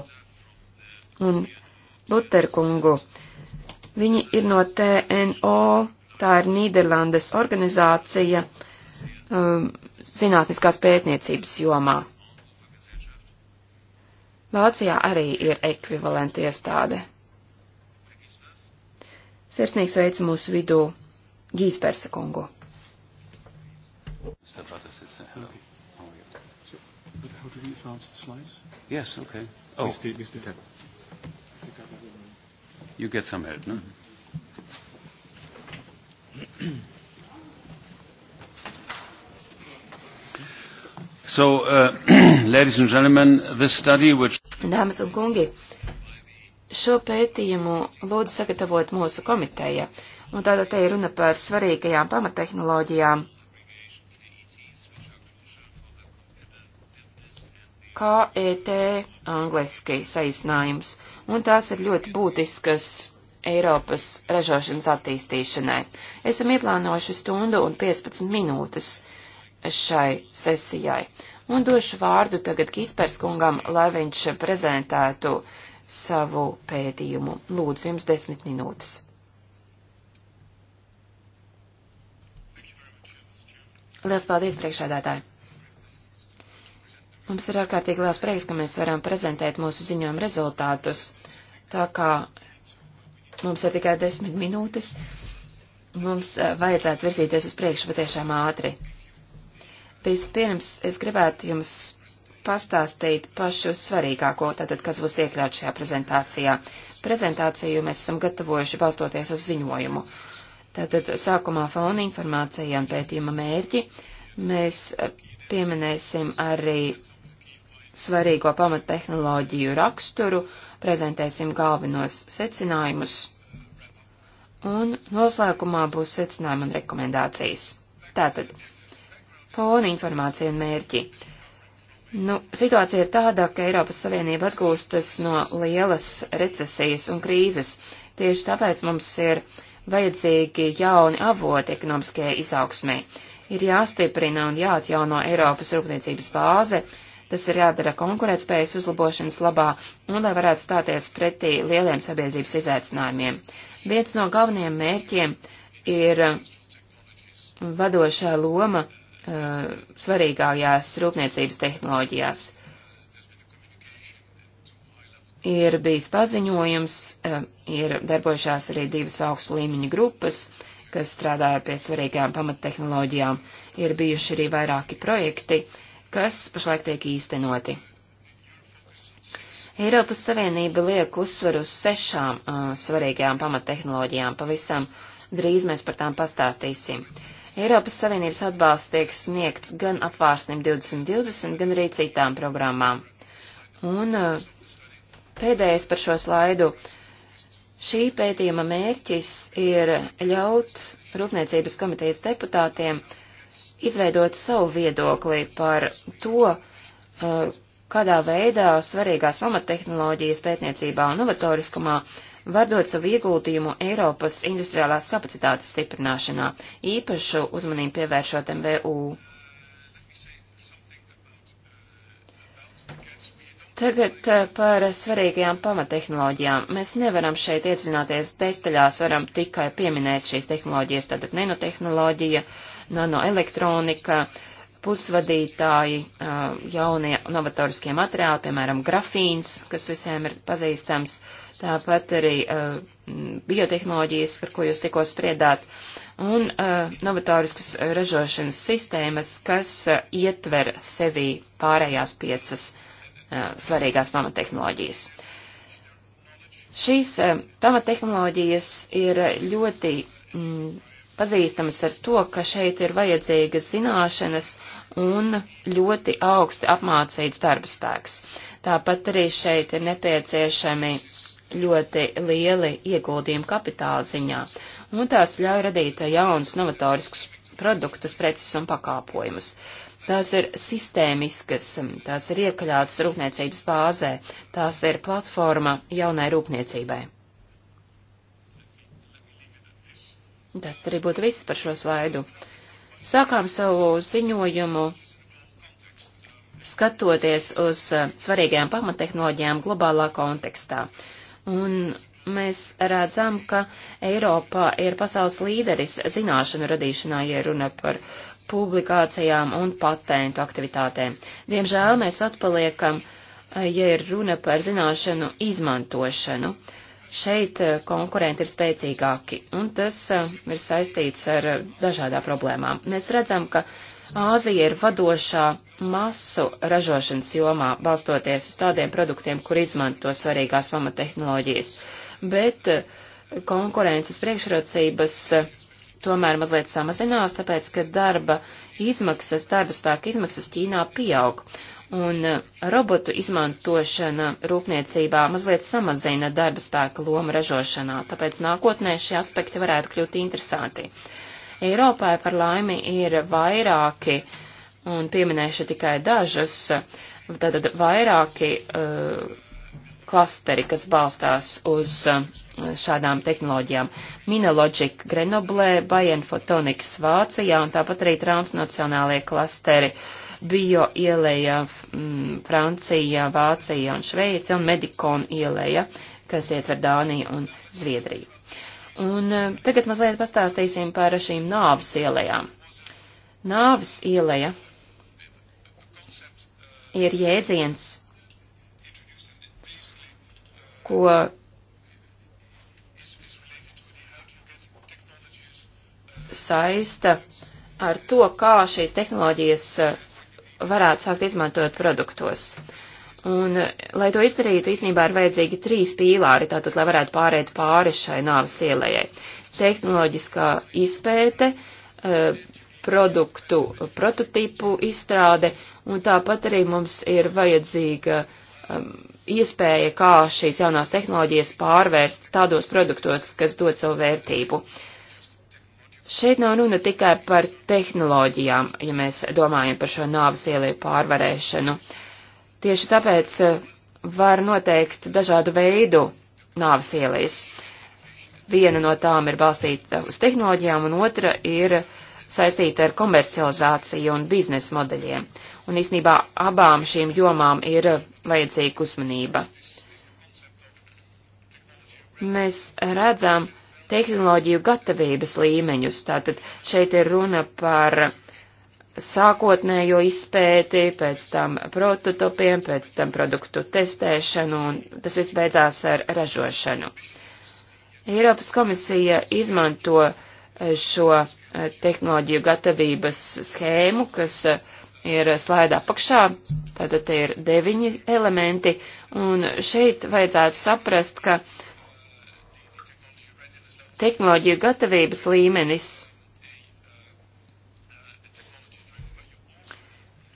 un Buter kungu. Viņi ir no TNO, tā ir Nīderlandes organizācija um, zinātniskās pētniecības jomā. Vācijā arī ir ekvivalenta iestāde. Sirsnīgs veica mūsu vidū Gīspersa kungu. Oh, yes, okay. Oh. Mr. Mr you get some help. No? So, uh, ladies and gentlemen, this study which... Dāmas un kungi, šo pētījumu lūdzu sagatavot mūsu komiteja, un tātad te ir runa par svarīgajām pamattehnoloģijām, KET angliski saīsinājums. Uh, un tās ir ļoti būtiskas Eiropas ražošanas attīstīšanai. Esam ieplānojuši stundu un 15 minūtes šai sesijai, un došu vārdu tagad Kīsperskungam, lai viņš prezentētu savu pētījumu. Lūdzu, jums desmit minūtes. Liels paldies, priekšādātāji! Mums ir ārkārtīgi liels prieks, ka mēs varam prezentēt mūsu ziņojumu rezultātus. Tā kā mums ir tikai desmit minūtes, mums eh, vajadzētu virzīties uz priekšu patiešām ātri. Vispirms es gribētu jums pastāstīt pašu svarīgāko, tātad, kas būs iekļauts šajā prezentācijā. Prezentāciju mēs esam gatavojuši balstoties uz ziņojumu. Tātad sākumā fauna informācija un pētījuma mērķi. Mēs eh, pieminēsim arī svarīgo pamattehnoloģiju raksturu, prezentēsim galvenos secinājumus, un noslēgumā būs secinājumi un rekomendācijas. Tātad, fona informācija un mērķi. Nu, situācija ir tāda, ka Eiropas Savienība atgūstas no lielas recesijas un krīzes. Tieši tāpēc mums ir vajadzīgi jauni avoti ekonomiskajai izaugsmē. Ir jāstiprina un jāatjauno Eiropas rūpniecības bāze, Tas ir jādara konkurētspējas uzlabošanas labā un lai varētu stāties pretī lieliem sabiedrības izaicinājumiem. Viens no galvenajiem mērķiem ir uh, vadošā loma uh, svarīgākajās rūpniecības tehnoloģijās ir bijis paziņojums, uh, ir darbojušās arī divas augstu līmeņa grupas, kas strādāja pie svarīgām pamattehnoloģijām, ir bijuši arī vairāki projekti, kas pašlaik tiek īstenoti. Eiropas Savienība liek uzsveru uz sešām uh, svarīgajām pamattehnoloģijām. Pavisam drīz mēs par tām pastāstīsim. Eiropas Savienības atbalsts tiek sniegts gan apvārsnim 2020, gan arī citām programmām. Un uh, pēdējais par šo slaidu. Šī pētījuma mērķis ir ļaut Rūpniecības komitejas deputātiem uh, izveidot savu viedokli par to, uh, kādā veidā svarīgās pamattehnoloģijas pētniecībā un novatoriskumā var dot savu ieguldījumu Eiropas industriālās kapacitātes stiprināšanā, īpašu uzmanību pievēršot MVU. Tagad uh, par svarīgajām pamattehnoloģijām. Mēs nevaram šeit iedzināties detaļās, varam tikai pieminēt šīs tehnoloģijas, tātad nenotehnoloģija, uh, nanoelektronika, pusvadītāji, jaunie novatoriskie materiāli, piemēram, grafīns, kas visiem ir pazīstams, tāpat arī biotehnoloģijas, par ko jūs tikko spriedāt, un novatoriskas ražošanas sistēmas, kas ietver sevī pārējās piecas svarīgās pamatehnoloģijas. Šīs pamattehnoloģijas ir ļoti mm, pazīstamas ar to, ka šeit ir vajadzīgas zināšanas un ļoti augsti apmācīts darbspēks. Tāpat arī šeit ir nepieciešami ļoti lieli ieguldījumi kapitāla ziņā, un tās ļauj radīt jaunus novatoriskus produktus, preces un pakāpojumus. Tās ir sistēmiskas, tās ir iekļautas rūpniecības bāzē, tās ir platforma jaunai rūpniecībai. Tas arī būtu viss par šo slaidu. Sākām savu ziņojumu skatoties uz eh, svarīgajām pamattehnoloģijām globālā kontekstā. Un mēs redzam, ka Eiropa ir pasaules līderis zināšanu radīšanā, ja runa par publikācijām un patentu aktivitātēm. Diemžēl mēs atpaliekam, eh, ja ir runa par zināšanu izmantošanu. Uh, Šeit eh, konkurenti ir spēcīgāki, un tas eh, ir saistīts ar eh, dažādām problēmām. Mēs redzam, ka Āzija ir vadošā masu ražošanas jomā, balstoties uz tādiem produktiem, kur izmanto svarīgās pamattehnoloģijas, bet konkurences priekšrocības tomēr mazliet samazinās, tāpēc, ka darba izmaksas, darba spēka izmaksas Ķīnā pieaug, un uh, robotu izmantošana rūpniecībā mazliet samazina darba spēka lomu ražošanā, tāpēc nākotnē šie aspekti varētu kļūt interesanti. Eiropā par laimi ir vairāki, un pieminēšu tikai dažus, tātad vairāki uh, klasteri, kas balstās uz um, šādām tehnoloģijām. Minologic Grenoblē, Bayern Photonics Vācijā un tāpat arī transnacionālie klasteri Bio ielēja m, mm, Francijā, Vācijā un Šveici un Medikon ielēja, kas ietver Dāniju un Zviedriju. Un um, tagad mazliet pastāstīsim par šīm nāvis ielējām. Nāvis ielēja ir jēdziens, ko saista ar to, kā šīs tehnoloģijas eh, varētu sākt izmantot produktos. Un, eh, lai to izdarītu, īstenībā ir vajadzīgi trīs pīlāri, tātad, lai varētu pārēt pāri šai nāves ielējai. Tehnoloģiskā izpēte, eh, produktu prototipu izstrāde, un tāpat arī mums ir vajadzīga uh, Um, iespēja, kā šīs jaunās tehnoloģijas pārvērst tādos produktos, kas dod savu vērtību. Šeit nav runa tikai par tehnoloģijām, ja mēs domājam par šo nāvis ielieku pārvarēšanu. Tieši tāpēc uh, var noteikt dažādu veidu nāvis ielīs. Viena no tām ir balstīta uz tehnoloģijām, un otra ir saistīta ar komercializāciju un biznesa modeļiem. Uh, un īsnībā abām šīm jomām ir eh, vajadzīga uzmanība. Mēs redzam tehnoloģiju gatavības līmeņus, tātad šeit ir runa par sākotnējo izpēti, pēc tam prototopiem, pēc tam produktu testēšanu, un tas viss beidzās ar ražošanu. Eiropas komisija izmanto eh, šo eh, tehnoloģiju gatavības schēmu, kas uh, ir slaidā pakšā, tātad te ir deviņi elementi, un šeit vajadzētu saprast, ka tehnoloģiju gatavības līmenis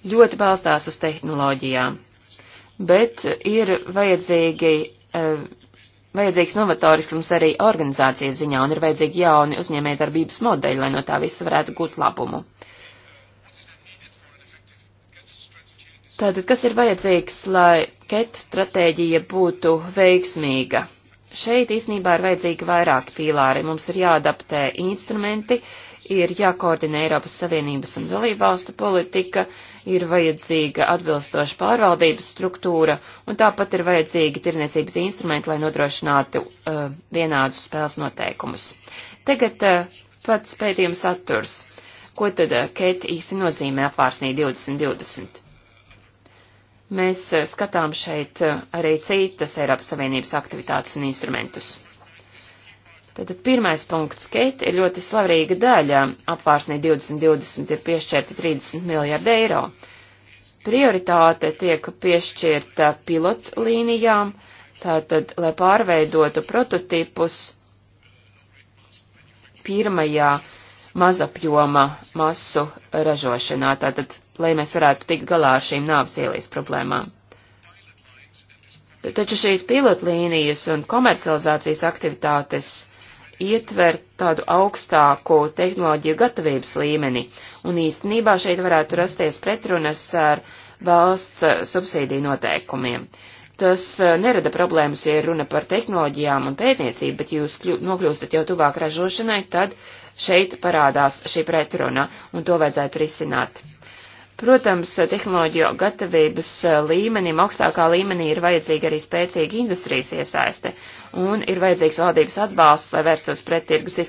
ļoti balstās uz tehnoloģijām, bet ir vajadzīgi, e, vajadzīgs novatorisks arī organizācijas ziņā, un ir vajadzīgi jauni uzņēmējdarbības modeļi, lai no tā visa varētu gūt labumu. Tātad, kas ir vajadzīgs, lai ket stratēģija būtu veiksmīga? Šeit īsnībā ir vajadzīgi vairāki pīlāri. Mums ir jāadaptē instrumenti, ir jākoordinē Eiropas Savienības un dalībvalstu politika, ir vajadzīga atbilstoša pārvaldības struktūra, un tāpat ir vajadzīgi tirniecības instrumenti, lai nodrošinātu uh, vienādus spēles noteikumus. Tagad uh, pats pētījums atturs. Ko tad uh, Ket īsi nozīmē apvārsnī 2020? Mēs eh, skatām šeit eh, arī citas Eiropas Savienības aktivitātes un instrumentus. Tātad pirmais punkts, Keita, ir ļoti svarīga daļa. Apvārsnī 2020 ir piešķirta 30 miljārdi eiro. Prioritāte tiek piešķirta pilotu līnijām, tātad, lai pārveidotu prototipus pirmajā mazapjoma masu ražošanā, tātad, lai mēs varētu tikt galā ar šīm nāves ielīs problēmām. Taču šīs pilotlīnijas un komercializācijas aktivitātes ietver tādu augstāku tehnoloģiju gatavības līmeni, un īstenībā šeit varētu rasties pretrunas ar valsts eh, subsīdiju noteikumiem. Tas eh, nerada problēmas, ja runa par tehnoloģijām un pētniecību, bet jūs kļu, nokļūstat jau tuvāk ražošanai, tad Šeit parādās šī pretruna, un to vajadzētu risināt. Protams, tehnoloģiju gatavības eh, līmenim, augstākā līmenī ir vajadzīga arī spēcīga industrijas iesaiste, un ir vajadzīgs valdības atbalsts, lai vērstos pret tirgus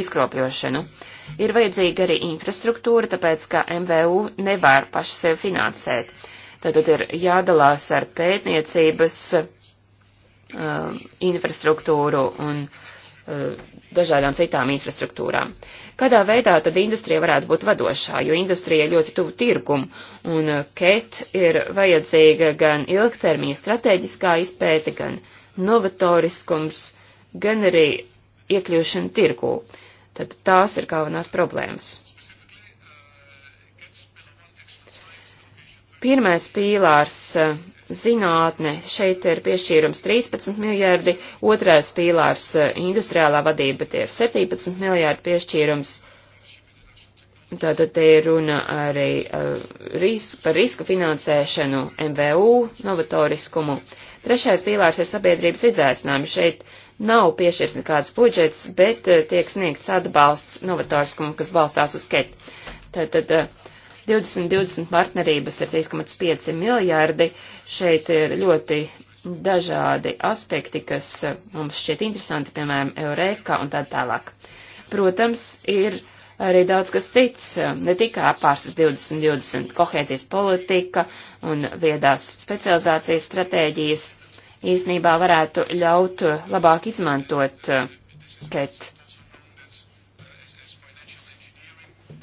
izkropļošanu. Ir vajadzīga arī infrastruktūra, tāpēc, ka MVU nevar paši sevi finansēt. Tātad ir jādalās ar pētniecības um, infrastruktūru un uh, Eh, dažādām citām infrastruktūrām. Kādā veidā tad industrija varētu būt vadošā, jo industrija ļoti tuvu tirgumu, un eh, KET ir vajadzīga gan ilgtermiņa strateģiskā izpēte, gan novatoriskums, gan arī iekļūšana tirgū. Tad tās ir galvenās problēmas. Pirmais pīlārs eh, zinātne. Šeit ir piešķīrums 13 miljardi, otrais pīlārs eh, industriālā vadība, tie ir 17 miljardi piešķīrums. Tātad te ir runa arī uh, eh, risk, par riska finansēšanu, MVU, novatoriskumu. Trešais pīlārs ir sabiedrības izaicinājumi. Šeit nav piešķirts nekāds budžets, bet uh, tiek sniegts atbalsts novatoriskumu, kas balstās uz ket. Tātad uh, 2020 partnerības ir 3,5 miljārdi. Šeit ir ļoti dažādi aspekti, kas eh, mums šķiet interesanti, piemēram, Eureka un tā tālāk. Protams, ir arī daudz kas cits, eh, ne tikai apārstas 2020 kohēzijas politika un viedās specializācijas stratēģijas īsnībā varētu ļaut labāk izmantot, eh, kad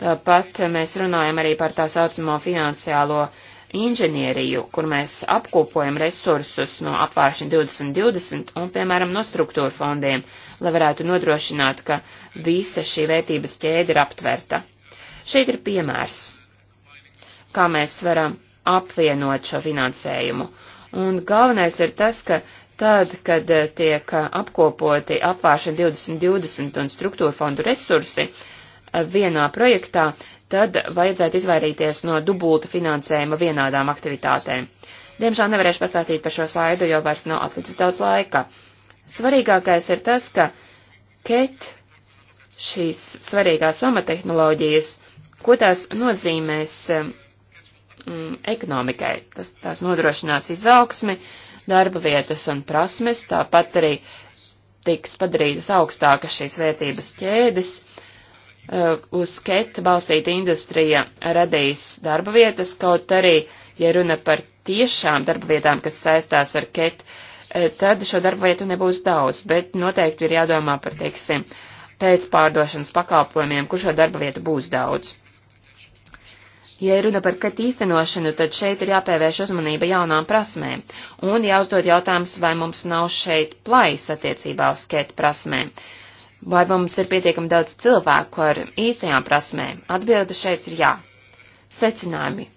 Tāpat mēs runājam arī par tā saucamo finansiālo inženieriju, kur mēs apkopojam resursus no apvāršana 2020 un, piemēram, no struktūra fondiem, lai varētu nodrošināt, ka visa šī vērtības ķēde ir aptverta. Šeit ir piemērs, kā mēs varam apvienot šo finansējumu. Un galvenais ir tas, ka tad, kad eh, tiek eh, apkopoti apvāršana 2020 un struktūra fondu resursi, uh, vienā projektā, tad vajadzētu izvairīties no dubulta finansējuma vienādām aktivitātēm. Diemžēl nevarēšu pastāstīt par šo slaidu, jo vairs nav atlicis daudz laika. Svarīgākais ir tas, ka KET šīs svarīgās pamatehnoloģijas, ko tās nozīmēs um, mm, ekonomikai. Tas, tās nodrošinās izaugsmi, darba vietas un prasmes, tāpat arī tiks padarītas augstākas šīs vērtības ķēdes, Uh, uz sketa balstīta industrija radīs darba vietas, kaut arī, ja runa par tiešām darba vietām, kas saistās ar ket, uh, tad šo darba vietu nebūs daudz, bet noteikti ir jādomā par, teiksim, pēcpārdošanas pakalpojumiem, kur šo darba vietu būs daudz. Ja runa par ket īstenošanu, tad šeit ir jāpievērš uzmanība jaunām prasmēm un jāuzdod jautājums, vai mums nav šeit plais attiecībā uz ket prasmēm. Uh, Vai mums ir pietiekami daudz cilvēku ar īstajām prasmēm? Atbilde šeit ir jā. Secinājumi.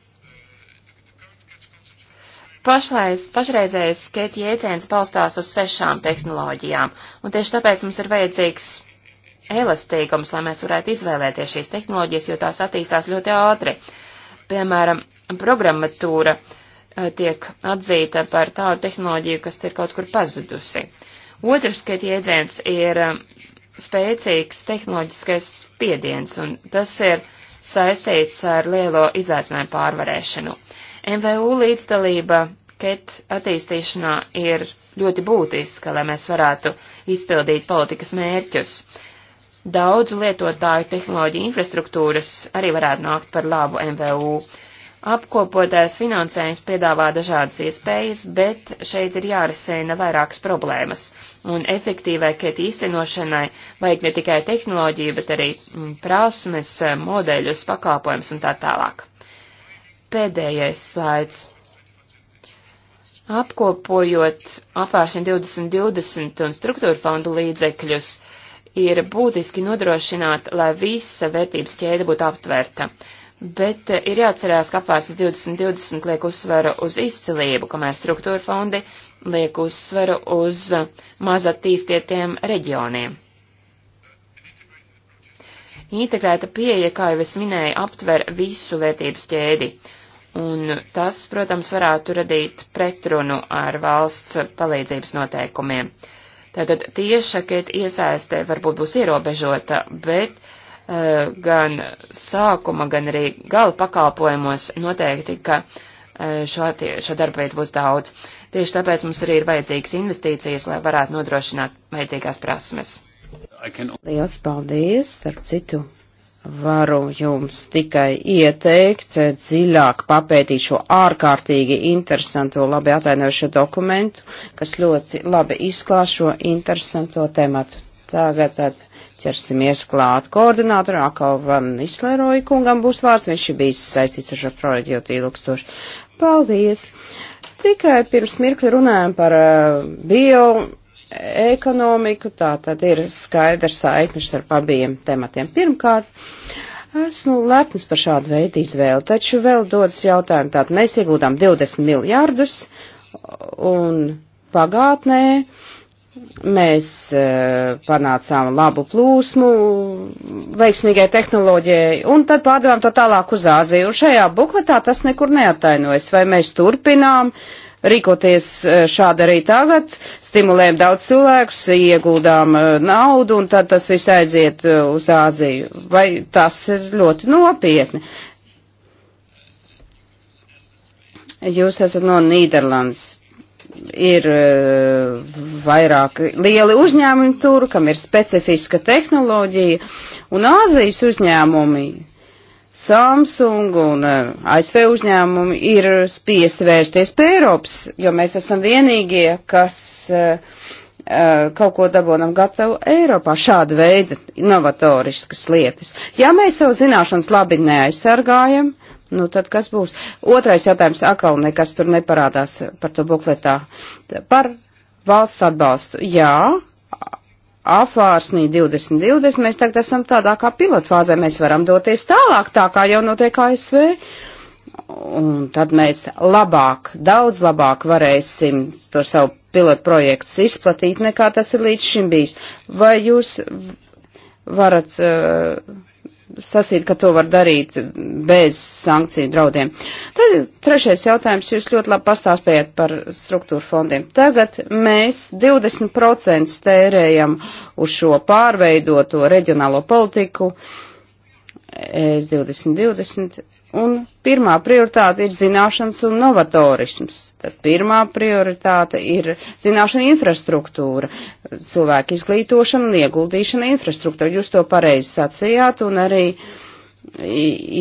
Pašlaiz, pašreizējais skate jēdziens balstās uz sešām tehnoloģijām, un tieši tāpēc mums ir vajadzīgs elastīgums, lai mēs varētu izvēlēties šīs tehnoloģijas, jo tās attīstās ļoti ātri. Piemēram, programmatūra eh, tiek atzīta par tādu tehnoloģiju, kas ir kaut kur pazudusi. Otrs skate jēdziens ir eh, spēcīgs tehnoloģiskais spiediens, un tas ir saistīts ar lielo izaicinājumu pārvarēšanu. MVU līdzdalība KET attīstīšanā ir ļoti būtiska, lai mēs varētu izpildīt politikas mērķus. Daudzu lietotāju tehnoloģiju infrastruktūras arī varētu nākt par labu MVU. Uh, Apkopotais finansējums piedāvā dažādas iespējas, bet šeit ir jārisina vairākas problēmas, un efektīvai kēti īstenošanai vajag ne tikai tehnoloģiju, bet arī mm, prasmes, modeļus, pakalpojums un tā tālāk. Pēdējais slaids. Apkopojot apvēršana 2020 un struktūra fondu līdzekļus, ir būtiski nodrošināt, lai visa vērtības ķēde būtu aptverta. Bet eh, ir jāatcerās, ka apvārsnes 2020 liek uzsvaru uz izcilību, kamēr struktūra fondi liek uzsvaru uz eh, maz attīstietiem reģioniem. Integrēta pieeja, kā jau es minēju, aptver visu vērtības ķēdi, un tas, protams, varētu radīt pretrunu ar valsts palīdzības noteikumiem. Tātad tieša, ka iesaistē varbūt būs ierobežota, bet uh, Eh, gan sākuma, gan arī gala pakalpojumos noteikti, ka eh, šo, tie, šo darba vietu būs daudz. Tieši tāpēc mums arī ir vajadzīgas investīcijas, lai varētu nodrošināt vajadzīgās prasmes. Can... Liels paldies, starp citu, varu jums tikai ieteikt eh, dziļāk papētīt šo ārkārtīgi interesanto, labi atainojušo dokumentu, kas ļoti labi izklāšo interesanto tematu. Tagad tad ķersimies klāt koordinātoru, atkal Van Isleroju kungam būs vārds, viņš ir bijis saistīts ar šo projektu jau ilgstoši. Paldies! Tikai pirms mirkli runājam par uh, eh, bio ekonomiku, tā tad ir skaidra saiknes ar abiem tematiem. Pirmkārt, esmu lepns par šādu veidu izvēli, taču vēl dodas jautājumi, tātad mēs iegūdām 20 miljārdus un pagātnē Mēs e, panācām labu plūsmu veiksmīgai tehnoloģijai un tad pārdevām to tālāk uz Āziju. Un šajā bukletā tas nekur neatainojas. Vai mēs turpinām rīkoties e, šādi arī tagad, stimulējam daudz cilvēkus, ieguldām e, naudu un tad tas viss aiziet uz Āziju? Vai tas ir ļoti nopietni? Jūs esat no Nīderlandes ir eh, vairāk lieli uzņēmumi tur, kam ir specifiska tehnoloģija, un Āzijas uzņēmumi, Samsung un eh, ASV uzņēmumi ir spiesti vērsties pie Eiropas, jo mēs esam vienīgie, kas eh, kaut ko dabonam gatavu Eiropā, šāda veida novatoriskas lietas. Ja mēs savu zināšanas labi neaizsargājam, Nu, tad kas būs? Otrais jautājums atkal nekas tur neparādās par to bukletā. Par valsts atbalstu. Jā, apvārsnī 2020 mēs tagad esam tādā kā pilotfāzē, mēs varam doties tālāk, tā kā jau notiek ASV. Un tad mēs labāk, daudz labāk varēsim to savu pilotu projektu izplatīt, nekā tas ir līdz šim bijis. Vai jūs varat. Uh, sacīt, ka to var darīt bez sankciju draudiem. Tad trešais jautājums, jūs ļoti labi pastāstījāt par struktūra fondiem. Tagad mēs 20% tērējam uz šo pārveidoto reģionālo politiku. Es 2020. Un pirmā prioritāte ir zināšanas un novatorisms. Tad pirmā prioritāte ir zināšana infrastruktūra, cilvēku izglītošana un ieguldīšana infrastruktūra. Jūs to pareizi sacījāt un arī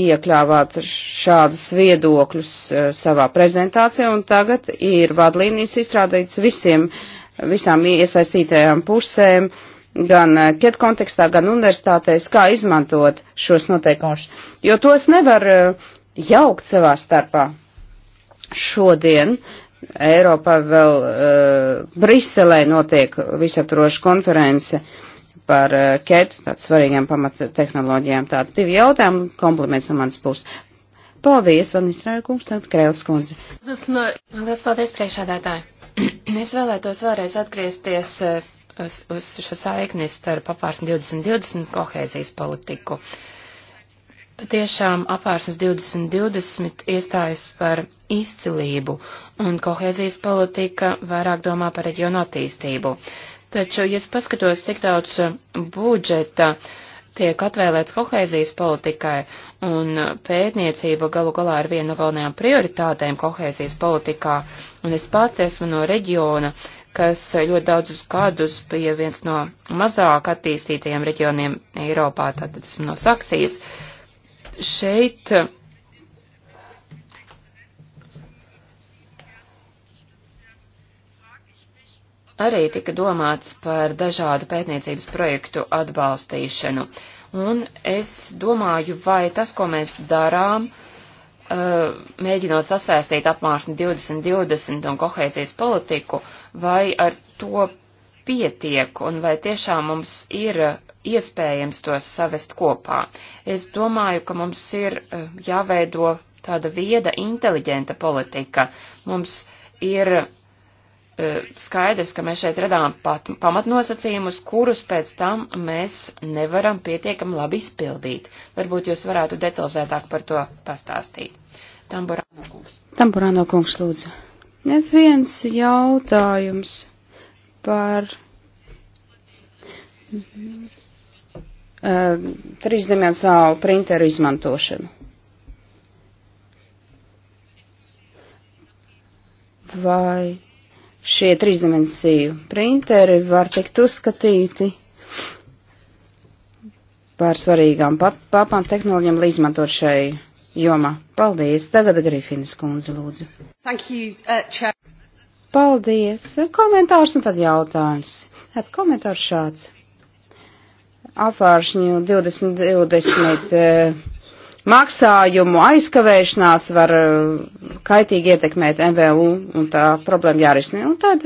iekļāvāt šādus viedokļus e, savā prezentācijā. Un tagad ir vadlīnijas izstrādīts visiem, visām iesaistītajām pusēm. Uh, gan eh, ķet kontekstā, gan universitātēs, kā izmantot šos noteikumus, jo tos nevar eh, jaukt savā starpā. Šodien Eiropā vēl uh, Briselē notiek visaptroša konference par uh, ķet, tādām svarīgām pamattehnoloģijām. Tādi divi jautājumi, kompliments no manas puses. Paldies, Vanisrāja kungs, tagad Krēls kundze. Liels paldies, priekšādātāji. es vēlētos vēlreiz atgriezties uz šo saikni starp apvārsni 2020 un kohēzijas politiku. Patiešām apvārsnes 2020 iestājas par izcilību, un kohēzijas politika vairāk domā par reģionu attīstību. Taču, ja es paskatos, cik daudz uh, budžeta tiek atvēlēts kohēzijas politikai, un pētniecība galu galā ir viena no galvenajām prioritātēm kohēzijas politikā, un es pati esmu no reģiona, kas ļoti daudzus gadus bija viens no mazāk attīstītajiem reģioniem Eiropā, tātad esmu no Saksijas. Šeit arī tika domāts par dažādu pētniecības projektu atbalstīšanu. Un es domāju, vai tas, ko mēs darām, uh, Uh, mēģinot sasaistīt apmārsni 2020 un kohēzijas politiku, vai ar to pietiek un vai tiešām mums ir uh, iespējams tos savest kopā. Es domāju, ka mums ir uh, jāveido tāda vieda, inteliģenta politika. Mums ir E, skaidrs, ka mēs šeit redām pat, pamatnosacījumus, kurus pēc tam mēs nevaram pietiekam labi izpildīt. Varbūt jūs varētu detalizētāk par to pastāstīt. Tamburāno kungs. Tamburāno kungs, lūdzu. Neviens jautājums par uh, trīsdimensālu printeru izmantošanu. Vai šie trīsdimensiju printeri var tikt uzskatīti par svarīgām papām tehnoloģijām, lai izmantot šai jomā. Paldies. Tagad Grifinas kundze lūdzu. Thank you, uh, Paldies. Komentārs un tad jautājums. Tad komentārs šāds. Apvāršņu 2020. 20, maksājumu aizkavēšanās var eh, kaitīgi ietekmēt MVU un tā problēma jārisina. Un tad,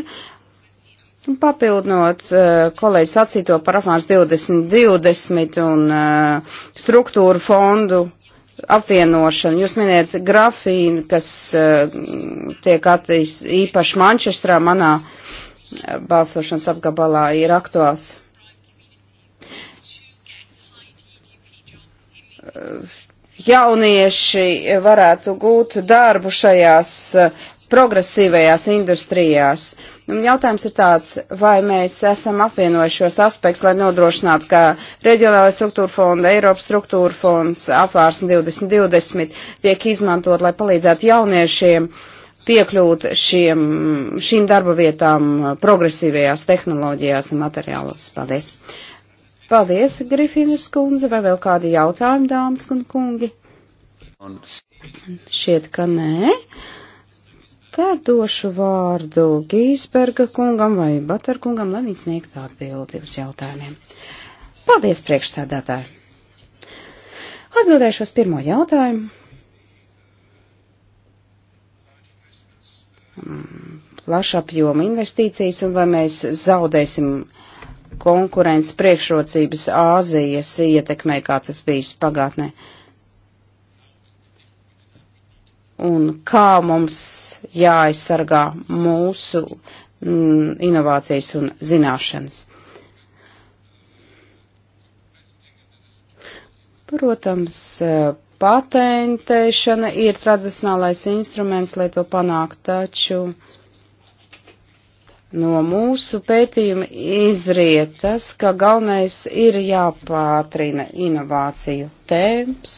papildinot eh, kolēģi sacīto par Afāns 2020 un eh, struktūru fondu apvienošanu, jūs miniet grafīnu, kas tiek attīstīts īpaši Mančestrā, manā balsošanas apgabalā ir aktuāls jaunieši varētu gūt darbu šajās eh, progresīvajās industrijās. Un jautājums ir tāds, vai mēs esam apvienojuši šos aspektus, lai nodrošinātu, ka reģionālais struktūra fonda, Eiropas struktūra fonds, apvārsni 2020 tiek izmantot, lai palīdzētu jauniešiem piekļūt šiem, šīm darba vietām progresīvajās tehnoloģijās un materiālos. Paldies! Paldies, Grifinas kundze, vai vēl kādi jautājumi, dāmas un kungi? Šiet, ka nē. Tad došu vārdu Gīsberga kungam vai Batar kungam, lai viņi sniegtu atbildi uz jautājumiem. Paldies, priekšstādātāji! Atbildēšu uz pirmo jautājumu. Mm, plašapjoma investīcijas un vai mēs zaudēsim konkurences priekšrocības Āzijas ietekmē, kā tas bijis pagātnē. Un kā mums jāaizsargā mūsu mm, inovācijas un zināšanas. Protams, patentēšana ir tradicionālais instruments, lai to panāktu, taču uh, No mūsu pētījuma izriet tas, ka galvenais ir jāpātrina inovāciju tēms,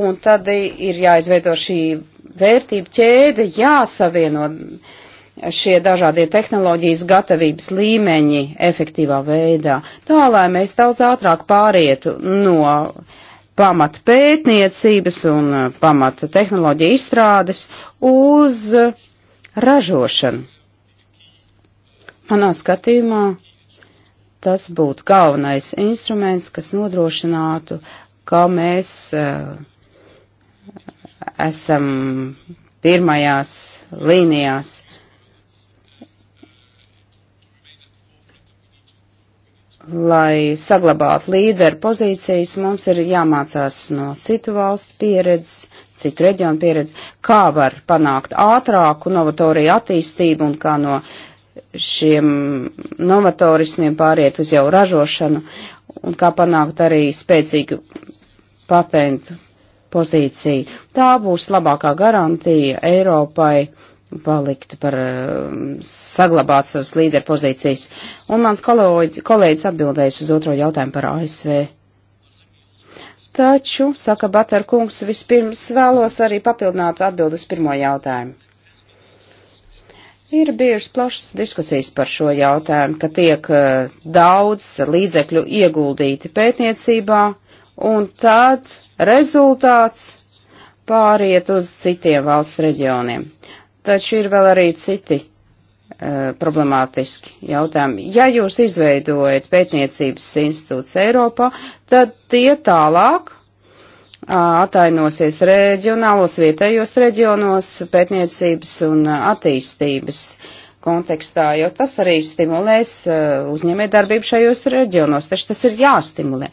un tad ir jāizveido šī vērtība ķēde, jāsavieno šie dažādie tehnoloģijas gatavības līmeņi efektīvā veidā, tā lai mēs daudz ātrāk pārietu no pamata pētniecības un eh, pamata tehnoloģija izstrādes uz ražošanu Manā skatījumā tas būtu galvenais instruments, kas nodrošinātu, ka mēs uh, esam pirmajās līnijās. Lai saglabātu līderu pozīcijas, mums ir jāmācās no citu valstu pieredzes, citu reģionu pieredzes, kā var panākt ātrāku novatoriju attīstību un kā no uh, šiem novatorismiem pāriet uz jau ražošanu un kā panākt arī spēcīgu patentu pozīciju. Tā būs labākā garantija Eiropai palikt par um, saglabāt savas līderu pozīcijas. Un mans kolēģis, kolēģis atbildējis uz otro jautājumu par ASV. Taču, saka Batar kungs, vispirms vēlos arī papildināt atbildus pirmo jautājumu. Ir bijušas plašas diskusijas par šo jautājumu, ka tiek eh, daudz līdzekļu ieguldīti pētniecībā, un tad rezultāts pāriet uz citiem valsts reģioniem. Taču ir vēl arī citi uh, problemātiski jautājumi. Ja jūs izveidojat pētniecības institūts Eiropā, tad tie tālāk atainosies reģionālos vietējos reģionos pētniecības un attīstības kontekstā, jo tas arī stimulēs uzņēmē darbību šajos reģionos, taču tas ir jāstimulē.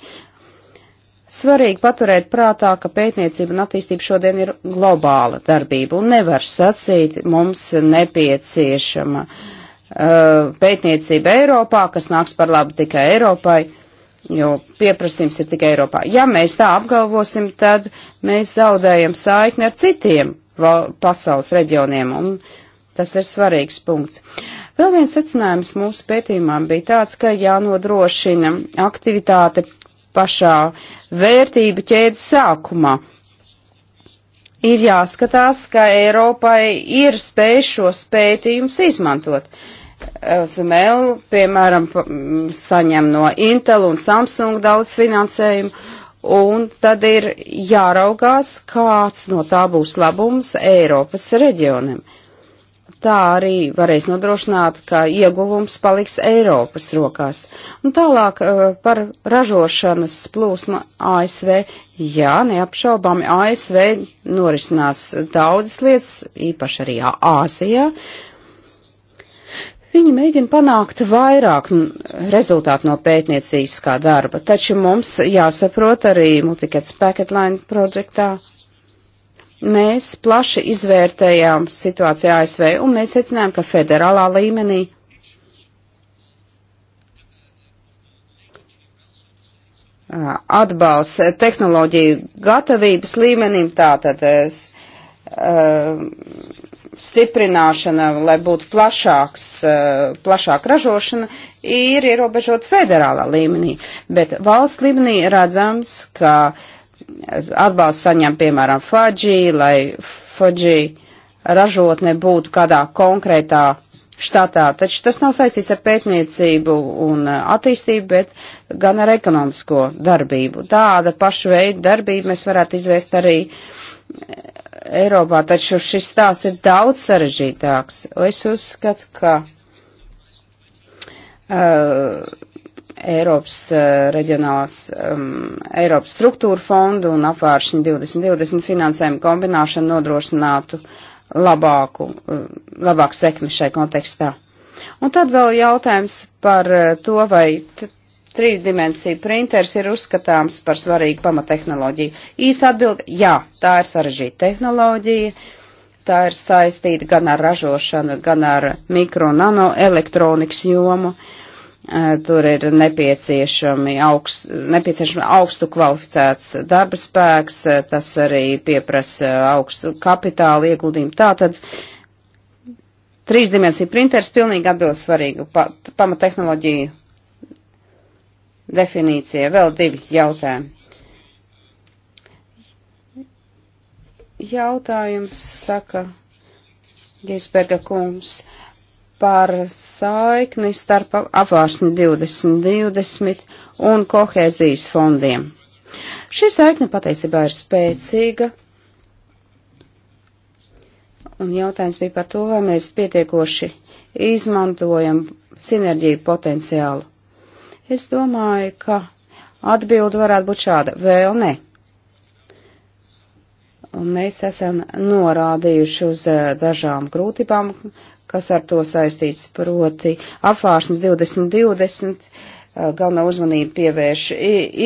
Svarīgi paturēt prātā, ka pētniecība un attīstība šodien ir globāla darbība un nevar sacīt mums nepieciešama uh, pētniecība Eiropā, kas nāks par labu tikai Eiropai jo pieprasījums ir tikai Eiropā. Ja mēs tā apgalvosim, tad mēs zaudējam saikni ar citiem pasaules reģioniem, un tas ir svarīgs punkts. Vēl viens secinājums mūsu pētījumā bija tāds, ka jānodrošina aktivitāte pašā vērtību ķēdes sākumā. Ir jāskatās, ka Eiropai ir spēj šos pētījumus izmantot. Uh, LZML, piemēram, mm, saņem no Intel un Samsung daudz finansējumu, un tad ir jāraugās, kāds no tā būs labums Eiropas reģionim. Tā arī varēs nodrošināt, ka ieguvums paliks Eiropas rokās. Un tālāk eh, par ražošanas plūsmu ASV. Jā, neapšaubāmi ASV norisinās daudzas lietas, īpaši arī Āzijā. Uh, Viņi mēģina panākt vairāk rezultātu no pētniecīskā darba, taču mums jāsaprot arī Multicats Packet Line projektā. Mēs plaši izvērtējām situāciju ASV un mēs secinājām, ka federālā līmenī atbalsts tehnoloģiju gatavības līmenim, tātad es, uh, stiprināšana, lai būtu plašāks, eh, plašāka ražošana, ir ierobežot federālā līmenī, bet valsts līmenī redzams, ka atbalsts saņem, piemēram, Fadži, lai Fadži ražotne būtu kādā konkrētā štatā, taču tas nav saistīts ar pētniecību un eh, attīstību, bet gan ar ekonomisko darbību. Tāda paša veida darbība mēs varētu izvērst arī uh, Eiropā, taču šis stāsts ir daudz sarežģītāks. Es uzskatu, ka uh, Eiropas uh, reģionālās, um, Eiropas struktūra fondu un apvāršņu 2020 finansējumu kombināšanu nodrošinātu labāku, uh, labāku sekmi šai kontekstā. Un tad vēl jautājums par uh, to, vai Trīsdimensiju printers ir uzskatāms par svarīgu pamatehnoloģiju. Īsa atbilde - jā, tā ir sarežģīta tehnoloģija, tā ir saistīta gan ar ražošanu, gan ar mikro un nanoelektronikas jomu. Tur ir nepieciešami augst, nepieciešami augstu kvalificēts darba spēks, tas arī pieprasa augstu kapitālu ieguldījumu. Tātad trīsdimensiju printers pilnīgi atbilst svarīgu pa, pamatehnoloģiju definīcija. Vēl divi jautājumi. Jautājums saka Gisberga kungs par saikni starp apvārsni 2020 un kohēzijas fondiem. Šī saikne patiesībā ir spēcīga. Un jautājums bija par to, vai mēs pietiekoši izmantojam sinerģiju potenciālu. Es domāju, ka atbildi varētu būt šāda. Vēl ne. Un mēs esam norādījuši uz eh, dažām grūtībām, kas ar to saistīts, proti apvāršanas 2020 eh, galvenā uzmanība pievērš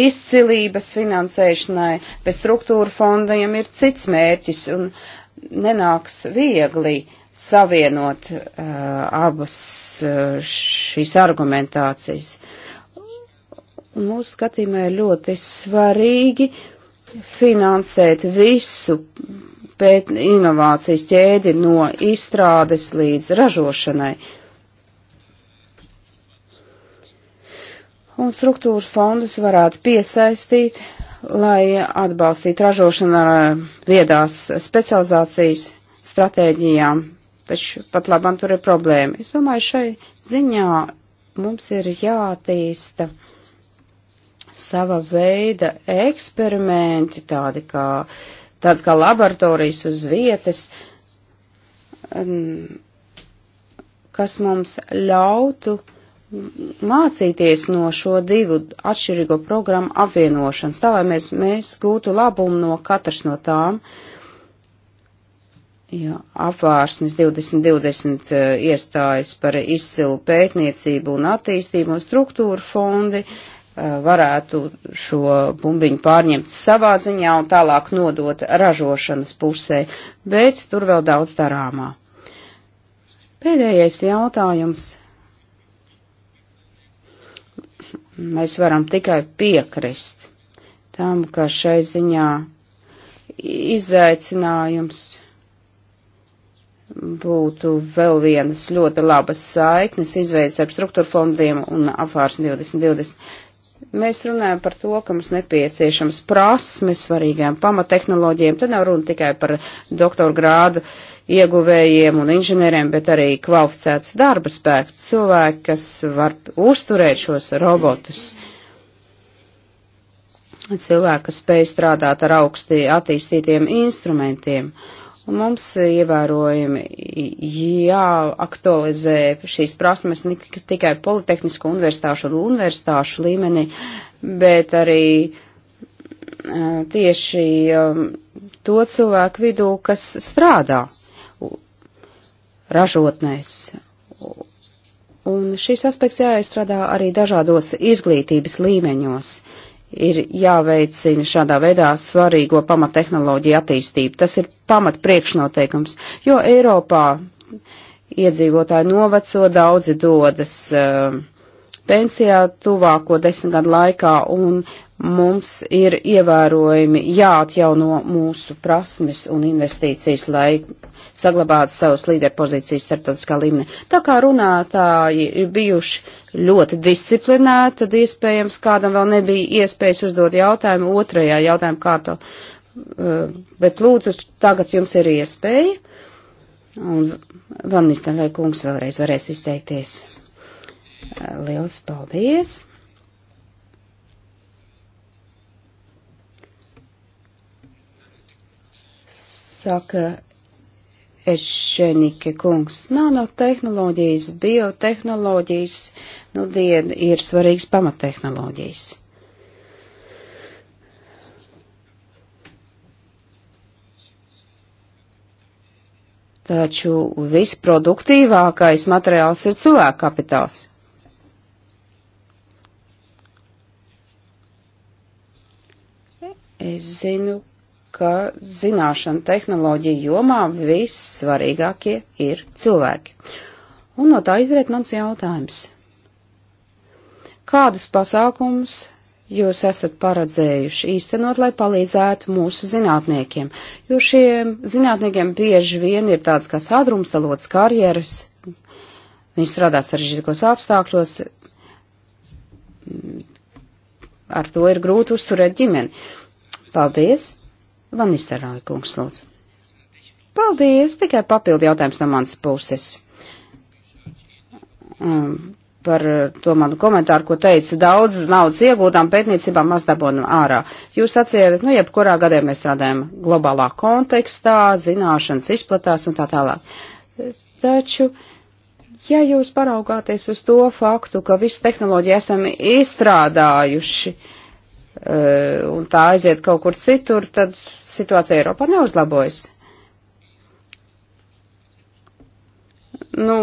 izcilības finansēšanai, bet struktūra fondajam ir cits mērķis un nenāks viegli savienot uh, abas uh, šīs argumentācijas. Uh, Un mūsu skatījumā ir ļoti svarīgi finansēt visu pēt inovācijas ķēdi no izstrādes līdz ražošanai. Un struktūra fondus varētu piesaistīt, lai atbalstītu ražošanu ar viedās specializācijas stratēģijām. Taču pat labam tur ir problēma. Es domāju, šai ziņā mums ir jātīsta sava veida eksperimenti, tādi kā, tāds kā laboratorijas uz vietas, kas mums ļautu mācīties no šo divu atšķirīgo programmu apvienošanas, tā lai mēs, mēs gūtu labumu no katras no tām. Jā, apvārsnes 2020 eh, iestājas par izcilu pētniecību un attīstību un struktūru fondi. Uh, Eh, varētu šo bumbiņu pārņemt savā ziņā un tālāk nodot ražošanas pusē, bet tur vēl daudz darāmā. Pēdējais jautājums. Mēs varam tikai piekrist tam, ka šai ziņā izaicinājums būtu vēl vienas ļoti labas saiknes izveidas starp struktūra fondiem un apvārs 2020. Mēs runājam par to, ka mums nepieciešams prasmes svarīgām pamattehnoloģijām. Te nav runa tikai par doktoru grādu ieguvējiem un inženieriem, bet arī kvalificēts darba spēks, cilvēki, kas var uzturēt šos robotus. Cilvēki, kas spēj strādāt ar augstī attīstītiem instrumentiem. Uh, Un mums ievērojami jāaktualizē šīs prasmes ne tikai politehnisko universitāšu un universitāšu līmenī, bet arī tieši to cilvēku vidū, kas strādā ražotnēs. Un šis aspekts jāizstrādā arī dažādos izglītības līmeņos. Uh, ir jāveicina šādā veidā svarīgo pamattehnoloģiju attīstību. Tas ir pamat priekšnoteikums, jo Eiropā iedzīvotāji noveco, daudzi dodas uh, pensijā tuvāko desmit gadu laikā, un mums ir ievērojami jāatjauno mūsu prasmes un investīcijas, lai saglabāt savas līderpozīcijas starptautiskā līmenī. Tā kā runātāji ir bijuši ļoti disciplinēti, tad iespējams kādam vēl nebija iespējas uzdot jautājumu otrajā jautājuma kārtā. Uh, bet lūdzu, tagad jums ir iespēja. Un Vannistam vai kungs vēlreiz varēs izteikties. Uh, liels paldies! saka Ešenike kungs. Nanotehnoloģijas, biotehnoloģijas, nu dien ir svarīgs pamattehnoloģijas. Taču visproduktīvākais materiāls ir cilvēka kapitāls. Es zinu, ka zināšana tehnoloģija jomā vissvarīgākie ir cilvēki. Un no tā izriet mans jautājums. Kādus pasākumus jūs esat paredzējuši īstenot, lai palīdzētu mūsu zinātniekiem? Jo šiem zinātniekiem bieži vien ir tāds kā sadrumstalots karjeras, viņi strādā sarežģītos apstākļos, mm, ar to ir grūti uzturēt ģimeni. Paldies! Vanisterāja kungs lūdzu. Paldies, tikai papildi jautājums no manas puses. Um, par eh, to manu komentāru, ko teicu, daudz naudas iegūtām pētniecībā maz dabonam ārā. Jūs atcerat, nu, jebkurā gadē mēs strādājam globālā kontekstā, zināšanas izplatās un tā tālāk. Taču, ja jūs paraugāties uz to faktu, ka visu tehnoloģiju esam izstrādājuši, uh, Eh, un tā aiziet kaut kur citur, tad situācija Eiropā neuzlabojas. Nu,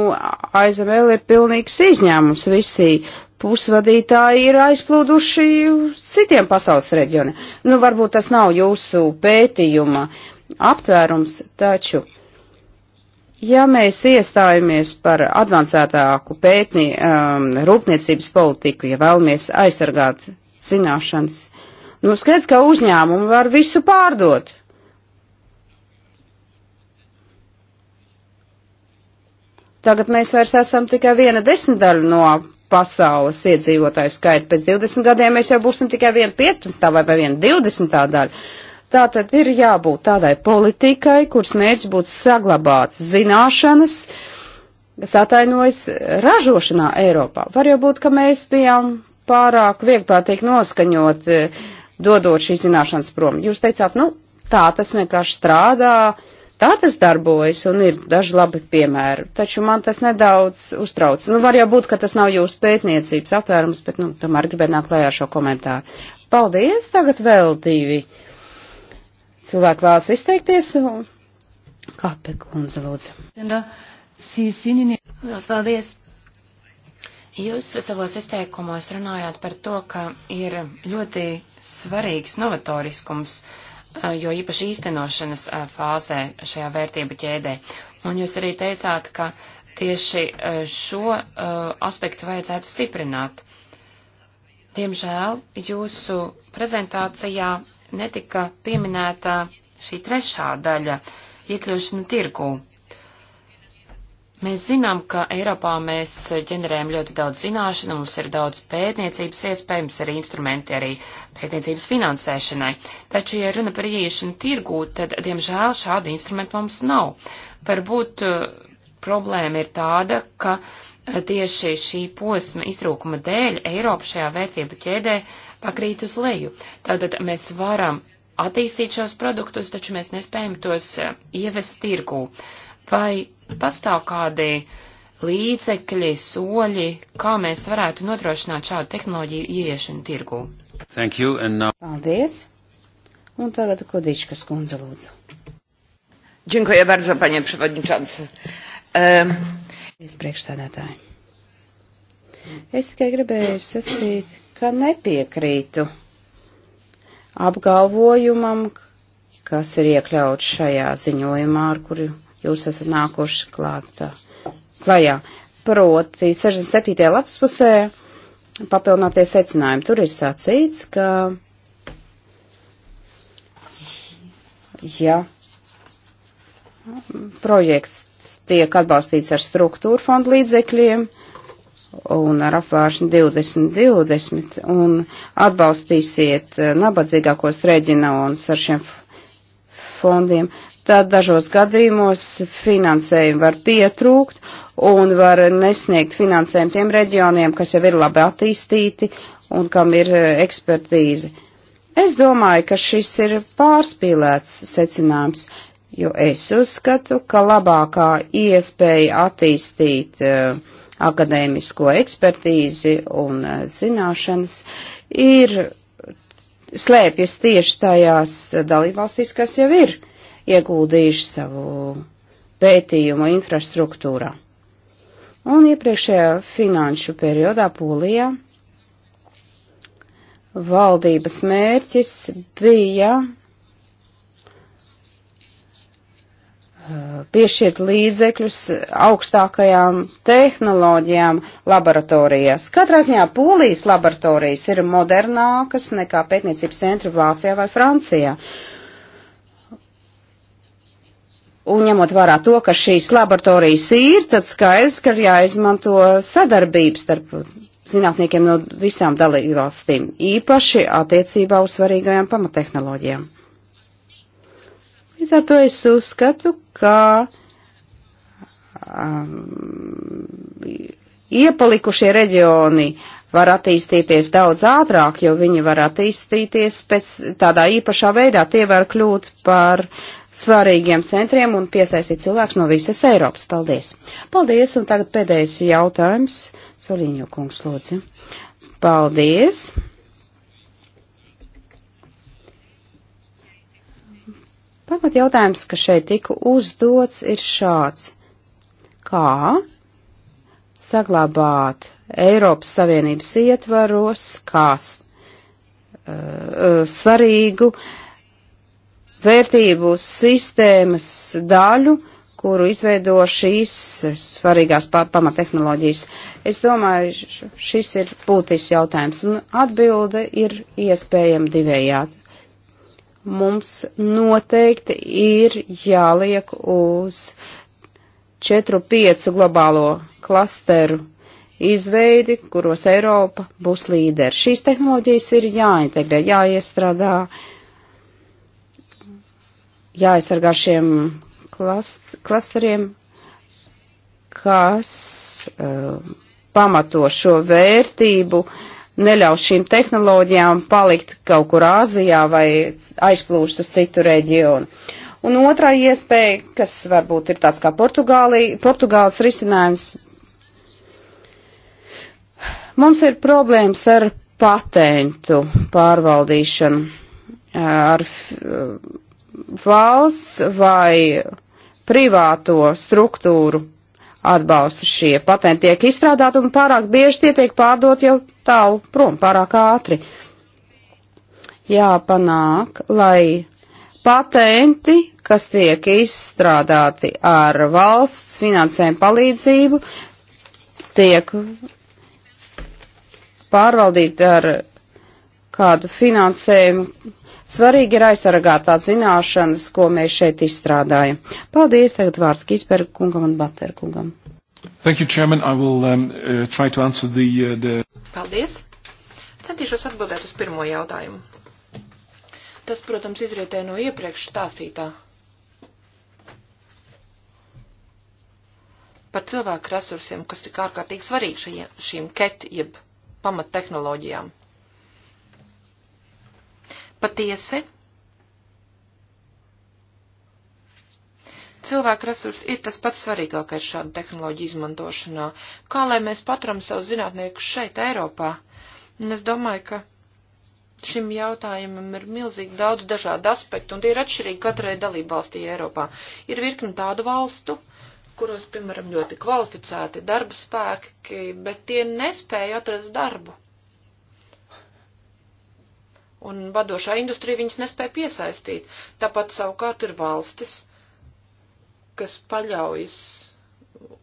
ASV ir pilnīgs izņēmums visi pusvadītāji ir aizplūduši citiem pasaules reģioniem. Nu, varbūt tas nav jūsu pētījuma aptvērums, taču, ja mēs iestājamies par advancētāku pētni um, rūpniecības politiku, ja vēlamies aizsargāt zināšanas. Nu, skaidrs, ka uzņēmumi var visu pārdot. Tagad mēs vairs esam tikai viena desmitaļa no pasaules iedzīvotāju skaita. Pēc 20 gadiem mēs jau būsim tikai viena 15. vai viena 20. daļa. Tā tad ir jābūt tādai politikai, kuras mērķis būtu saglabāt zināšanas, kas atainojas ražošanā Eiropā. Var jau būt, ka mēs bijām pārāk vieglprātīgi noskaņot, e, dodot šīs zināšanas prom. Jūs teicāt, nu, tā tas vienkārši strādā, tā tas darbojas un ir daži labi piemēri, taču man tas nedaudz uztrauc. Nu, var jau būt, ka tas nav jūsu pētniecības apvērums, bet, nu, tomēr gribētu nākt lējā šo komentāru. Paldies, tagad vēl divi. Cilvēki vēlas izteikties. Kāpēc, kundze, lūdzu? Lielas paldies! Jūs savos izteikumos runājāt par to, ka ir ļoti svarīgs novatoriskums, jo īpaši īstenošanas fāzē šajā vērtību ķēdē. Un jūs arī teicāt, ka tieši šo aspektu vajadzētu stiprināt. Diemžēl jūsu prezentācijā netika pieminēta šī trešā daļa - iekļūšana tirgū. Mēs zinām, ka Eiropā mēs ģenerējam ļoti daudz zināšanu, mums ir daudz pētniecības iespēju, mums ir instrumenti arī pētniecības finansēšanai. Taču, ja runa par ieiešanu tirgū, tad, diemžēl, šādu instrumentu mums nav. Varbūt eh, problēma ir tāda, ka eh, tieši šī posma iztrūkuma dēļ Eiropa šajā vērtību ķēdē pakrīt uz leju. Tātad mēs varam attīstīt šos produktus, taču mēs nespējam tos eh, ievest tirgū. Vai pastāv kādi līdzekļi, soļi, kā mēs varētu nodrošināt šādu tehnoloģiju ieiešanu tirgū. Thank you, now... Paldies! Un tagad Kodičkas kundze lūdzu. Dziękuję bardzo, panie przewodniczący. Um... Es priekšstādātāji. Es tikai gribēju sacīt, ka nepiekrītu apgalvojumam, kas ir iekļauts šajā ziņojumā, ar kuru jūs esat nākuši klāt, uh, klajā. Proti, 67. lapas pusē papilnoties secinājumu. Tur ir sacīts, ka, ja projekts tiek atbalstīts ar struktūru fondu līdzekļiem un ar apvāršanu 2020 un atbalstīsiet uh, nabadzīgākos reģionus ar šiem fondiem, tad dažos gadījumos finansējumi var pietrūkt un var nesniegt finansējumu tiem reģioniem, kas jau ir labi attīstīti un kam ir eh, ekspertīze. Es domāju, ka šis ir pārspīlēts secinājums, jo es uzskatu, ka labākā iespēja attīstīt uh, akadēmisko ekspertīzi un uh, zināšanas ir slēpjas tieši tajās dalībvalstīs, kas jau ir ieguldījuši savu pētījumu infrastruktūrā. Un iepriekšējā finanšu periodā Polijā valdības mērķis bija uh, piešķirt līdzekļus augstākajām tehnoloģijām laboratorijās. Katrā ziņā pūlīs laboratorijas ir modernākas nekā pētniecības centri Vācijā vai Francijā. Un ņemot vērā to, ka šīs laboratorijas ir, tad skaidrs, ka ir jāizmanto sadarbības starp zinātniekiem no visām dalībvalstīm, īpaši attiecībā uz svarīgajām pamatehnoloģijām. Līdz ar to es uzskatu, ka um, iepalikušie reģioni var attīstīties daudz ātrāk, jo viņi var attīstīties pēc tādā īpašā veidā, tie var kļūt par uh, svarīgiem centriem un piesaistīt cilvēks no visas Eiropas. Paldies! Paldies! Un tagad pēdējais jautājums. Soliņo kungs, lūdzu. Paldies! Pamat jautājums, kas šeit tika uzdots, ir šāds. Kā saglabāt Eiropas Savienības ietvaros, kā uh, uh, svarīgu uh, vērtību sistēmas daļu, kuru izveido šīs svarīgās pamatehnoloģijas. Es domāju, šis ir būtisks jautājums, un atbilde ir iespējama divējādi. Mums noteikti ir jāliek uz 4-5 globālo klasteru izveidi, kuros Eiropa būs līderi. Šīs tehnoloģijas ir jāintegrē, jāiestrādā uh, jāaizsargā šiem klast, klasteriem, kas uh, pamato šo vērtību, neļauj šīm tehnoloģijām palikt kaut kur Āzijā vai aizplūst uz citu reģionu. Un otrā iespēja, kas varbūt ir tāds kā Portugāli, Portugāles risinājums, mums ir problēmas ar patentu pārvaldīšanu, ar valsts vai privāto struktūru atbalstu šie patenti tiek izstrādāti un pārāk bieži tie tiek pārdot jau tālu prom, pārāk ātri. Jāpanāk, lai patenti, kas tiek izstrādāti ar valsts finansējumu palīdzību, tiek pārvaldīti ar kādu finansējumu, Svarīgi ir aizsargāt tā zināšanas, ko mēs šeit izstrādājam. Paldies, tagad vārds Kīsberga kungam un Batera kungam. Thank you, Chairman. I will um, uh, try to answer the, uh, the... Paldies. Centīšos atbildēt uz pirmo jautājumu. Tas, protams, izrietē no iepriekš stāstītā. Par cilvēku resursiem, kas tik ārkārtīgi svarīgi šajiem, šīm ket, jeb pamattehnoloģijām. Patiesi. cilvēku resursi ir tas pats svarīgākais šādu tehnoloģiju izmantošanā. Kā lai mēs paturam savus zinātniekus šeit, Eiropā? Un es domāju, ka šim jautājumam ir milzīgi daudz dažādu aspektu, un tie ir atšķirīgi katrai dalībvalstī Eiropā. Ir virkni tādu valstu, kuros, piemēram, ļoti kvalificēti darba spēki, bet tie nespēja atrast darbu un vadošā industrija viņus nespēja piesaistīt. Tāpat savukārt ir valstis, kas paļaujas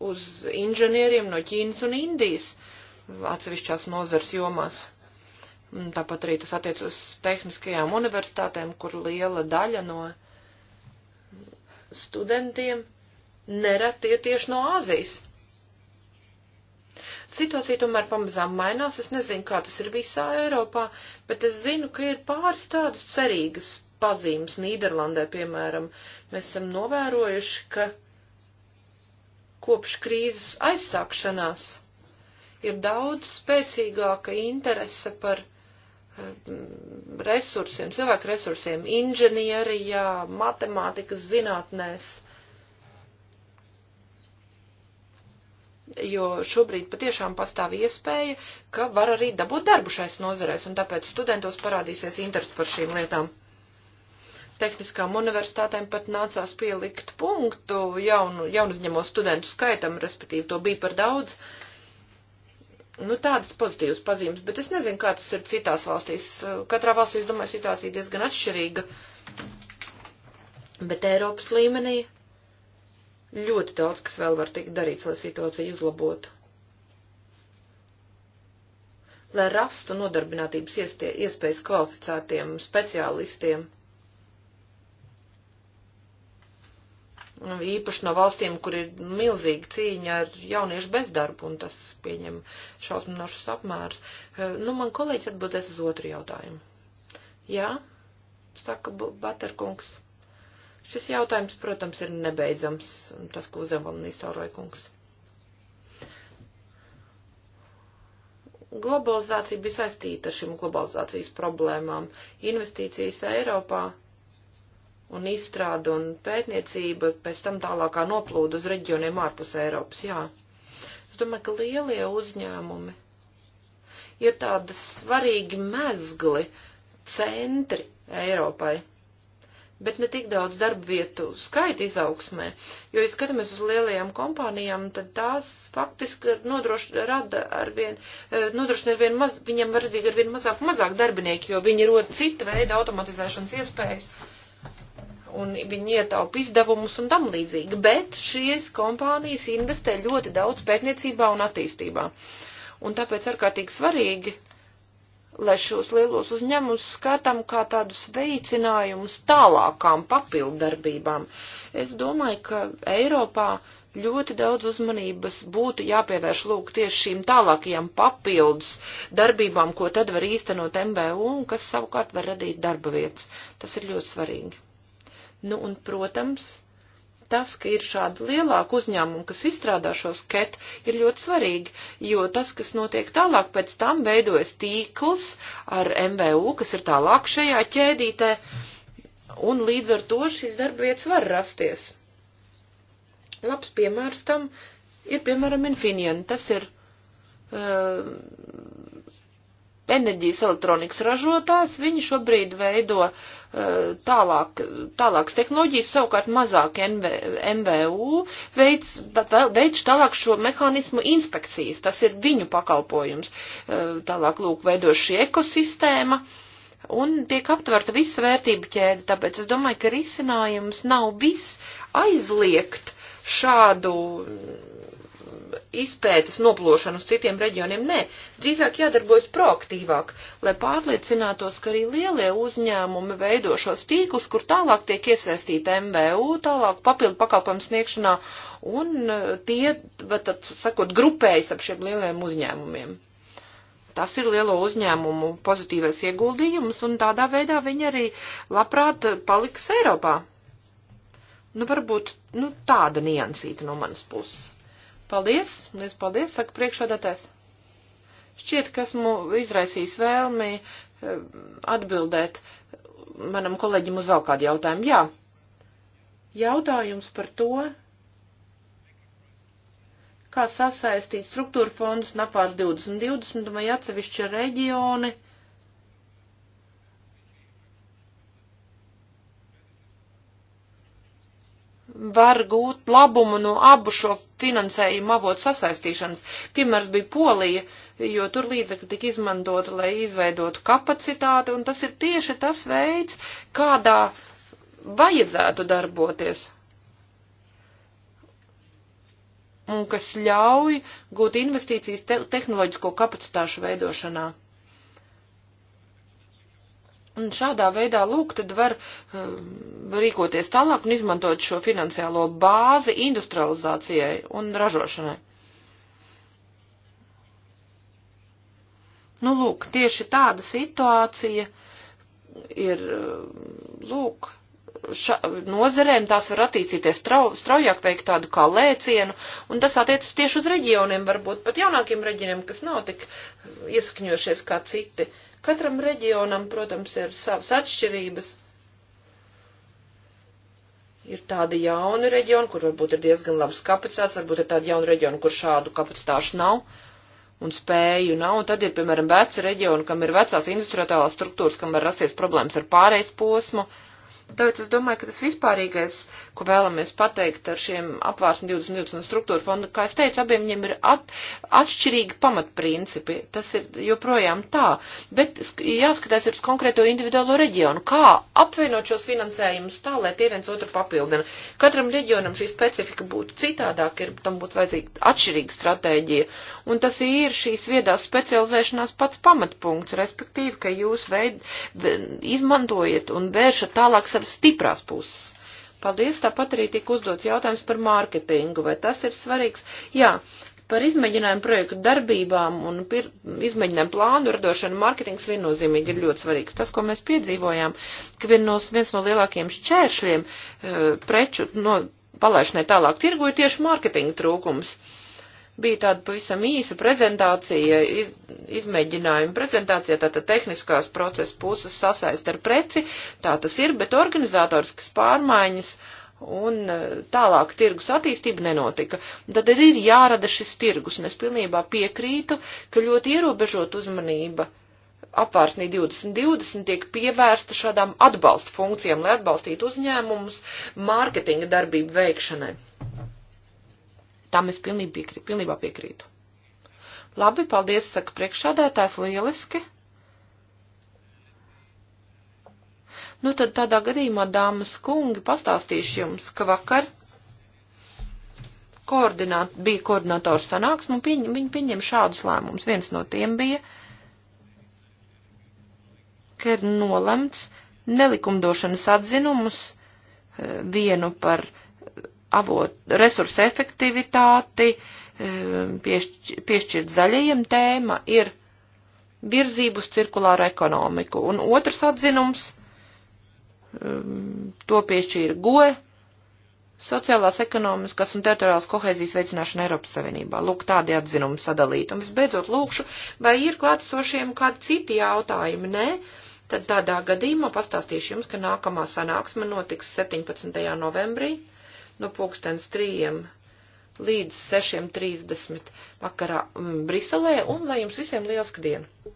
uz inženieriem no Ķīnas un Indijas atsevišķās nozars jomās. Tāpat arī tas attiec uz tehniskajām universitātēm, kur liela daļa no studentiem nereti ir tieši no Āzijas. Situācija tomēr pamazām mainās, es nezinu, kā tas ir visā Eiropā, bet es zinu, ka ir pāris tādas cerīgas pazīmes Nīderlandē, piemēram. Mēs esam novērojuši, ka kopš krīzes aizsākšanās ir daudz spēcīgāka interese par eh, resursiem, cilvēku resursiem, inženierijā, matemātikas zinātnēs jo šobrīd patiešām pastāv iespēja, ka var arī dabūt darbu šais nozarēs, un tāpēc studentos parādīsies interesi par šīm lietām. Tehniskām universitātēm pat nācās pielikt punktu jaunu, jaunu uzņemo studentu skaitam, respektīvi to bija par daudz. Nu, tādas pozitīvas pazīmes, bet es nezinu, kā tas ir citās valstīs. Katrā valstī, es domāju, situācija diezgan atšķirīga. Bet Eiropas līmenī Ļoti daudz, kas vēl var tikt darīts, lai situāciju uzlabotu. Lai rastu nodarbinātības iestie, iespējas kvalificētiem speciālistiem. Un nu, īpaši no valstīm, kur ir milzīga cīņa ar jauniešu bezdarbu, un tas pieņem šausminošus apmērus. Eh, nu, man kolēģis atbildēs uz otru jautājumu. Jā, saka Baterkungs. Šis jautājums, protams, ir nebeidzams, tas, ko uzdeva Nīsauroja kungs. Globalizācija bija saistīta ar šīm globalizācijas problēmām. Investīcijas Eiropā un izstrāda un pētniecība pēc tam tālākā noplūda uz reģioniem ārpus Eiropas, jā. Es domāju, ka lielie uzņēmumi ir tādas svarīgi mezgli, centri Eiropai bet ne tik daudz darba vietu skaita izaugsmē, jo, ja skatāmies uz lielajām kompānijām, tad tās faktiski nodrošina ar vien, eh, nodrošina ar vien maz, viņiem vajadzīgi ar vien mazāk, mazāk darbinieku, jo viņi rod cita veida automatizēšanas iespējas un viņi ietaupa izdevumus un tam līdzīgi, bet šīs kompānijas investē ļoti daudz pētniecībā un attīstībā. Un tāpēc ārkārtīgi svarīgi lai šos lielos uzņēmumus skatām kā tādus veicinājumus tālākām papildarbībām. Es domāju, ka Eiropā ļoti daudz uzmanības būtu jāpievērš lūk tieši šīm tālākajām papildus darbībām, ko tad var īstenot MBU un kas savukārt var radīt darba vietas. Tas ir ļoti svarīgi. Nu un, protams, tas, ka ir šādi lielāki uzņēmumi, kas izstrādā šos ket, ir ļoti svarīgi, jo tas, kas notiek tālāk, pēc tam veidojas tīkls ar MVU, kas ir tālāk šajā ķēdītē, un līdz ar to šīs darba vietas var rasties. Labs piemērs tam ir, piemēram, Infinion. Tas ir uh, enerģijas elektronikas ražotājs, viņi šobrīd veido uh, tālāk, tālākas tehnoloģijas, savukārt mazāk NV, MVU veids, veids tālāk šo mehānismu inspekcijas, tas ir viņu pakalpojums, uh, tālāk lūk veido šī ekosistēma. Un tiek aptverta visa vērtība ķēde, tāpēc es domāju, ka risinājums nav viss aizliegt šādu izpētes noplošanu uz citiem reģioniem. Nē, drīzāk jādarbojas proaktīvāk, lai pārliecinātos, ka arī lielie uzņēmumi veido šos tīklus, kur tālāk tiek iesaistīta MVU, tālāk papildu pakalpojumu sniegšanā, un eh, tie, bet tad, sakot, grupējas ap šiem lieliem uzņēmumiem. Tas ir lielo uzņēmumu pozitīvais ieguldījums, un tādā veidā viņi arī labprāt paliks Eiropā. Nu, varbūt, nu, tāda niansīta no manas puses. Paldies, liels paldies, saka priekšādātājs. Šķiet, ka esmu izraisījis vēlmi eh, atbildēt manam kolēģim uz vēl kādu jautājumu. Jā, jautājums par to, kā sasaistīt struktūra fondus un apvārs 2020 vai atsevišķi reģioni var gūt labumu no abu šo finansējumu avotu sasaistīšanas. Piemērs bija Polija, jo tur līdzekļi tika izmantota, lai izveidotu kapacitāti, un tas ir tieši tas veids, kādā vajadzētu darboties. Un kas ļauj gūt investīcijas te tehnoloģisko kapacitāšu veidošanā. Un šādā veidā, lūk, tad var um, rīkoties tālāk un izmantot šo finansiālo bāzi industrializācijai un ražošanai. Nu, lūk, tieši tāda situācija ir, um, lūk, ša, nozerēm tās var attīstīties strau, straujāk, veikt tādu kā lēcienu, un tas attiecas tieši uz reģioniem, varbūt pat jaunākiem reģioniem, kas nav tik um, iesakņojušies kā citi. Uh, Katram reģionam, protams, ir savas atšķirības. Ir tādi jauni reģioni, kur varbūt ir diezgan labas kapacitātes, varbūt ir tādi jauni reģioni, kur šādu kapacitāšu nav un spēju nav. Un tad ir, piemēram, veci reģioni, kam ir vecās industriālās struktūras, kam var rasties problēmas ar pārējais posmu. Uh, Tāpēc es domāju, ka tas vispārīgais, ko vēlamies pateikt ar šiem apvārsni 2020 struktūra fondu, kā es teicu, abiem viņiem ir at, atšķirīgi pamatprincipi. Tas ir joprojām tā. Bet jāskatās ir uz konkrēto individuālo reģionu. Kā apvienot šos finansējumus tā, lai tie viens otru papildina. Katram reģionam šī specifika būtu citādāk, ir, tam būtu vajadzīga atšķirīga stratēģija. Un tas ir šīs viedās specializēšanās pats pamatpunkts, respektīvi, ka jūs veid, izmantojat un vēršat tālāk savas stiprās puses. Paldies, tāpat arī tika uzdots jautājums par mārketingu, vai tas ir svarīgs? Jā, par izmēģinājumu projektu darbībām un pir, izmēģinājumu plānu radošanu mārketings viennozīmīgi ir ļoti svarīgs. Tas, ko mēs piedzīvojām, ka viens no, viens no lielākajiem šķēršļiem e, preču no, palaišanai tālāk tirgoja tieši mārketinga trūkums. E, bija tāda pavisam īsa prezentācija, iz, izmēģinājuma prezentācija, tātad tehniskās procesa puses sasaist ar preci, tā tas ir, bet organizatoriskas pārmaiņas un e, tālāk tirgus attīstība nenotika. Tad ir jārada šis tirgus, un es pilnībā piekrītu, ka ļoti ierobežot uzmanība apvārsnī 2020 tiek pievērsta šādām atbalsta funkcijām, lai atbalstītu uzņēmumus mārketinga darbību veikšanai. Tam es pilnībā, piekrī, pilnībā piekrītu. Labi, paldies, saka priekšādētājs, lieliski. Nu tad tādā gadījumā, dāmas kungi, pastāstīšu jums, ka vakar koordināt, bija koordinators sanāksme un pieņ, viņi pieņem šādus lēmumus. Viens no tiem bija, ka ir nolemts nelikumdošanas atzinumus eh, vienu par avot resursu efektivitāti, ehm, piešķirt, piešķirt zaļajiem tēma ir virzību uz cirkulāru ekonomiku. Un otrs atzinums, ehm, to piešķīra GOE, sociālās, ekonomiskās un teritoriālās kohēzijas veicināšana Eiropas Savienībā. Lūk, tādi atzinumi sadalīti. Un visbeidzot lūkšu, vai ir klātesošiem kādi citi jautājumi? Nē. Tad tādā gadījumā pastāstīšu jums, ka nākamā sanāksme notiks 17. novembrī no nu, pulkstens trījiem līdz 6.30 vakarā mm, Briselē, un lai jums visiem lielska diena!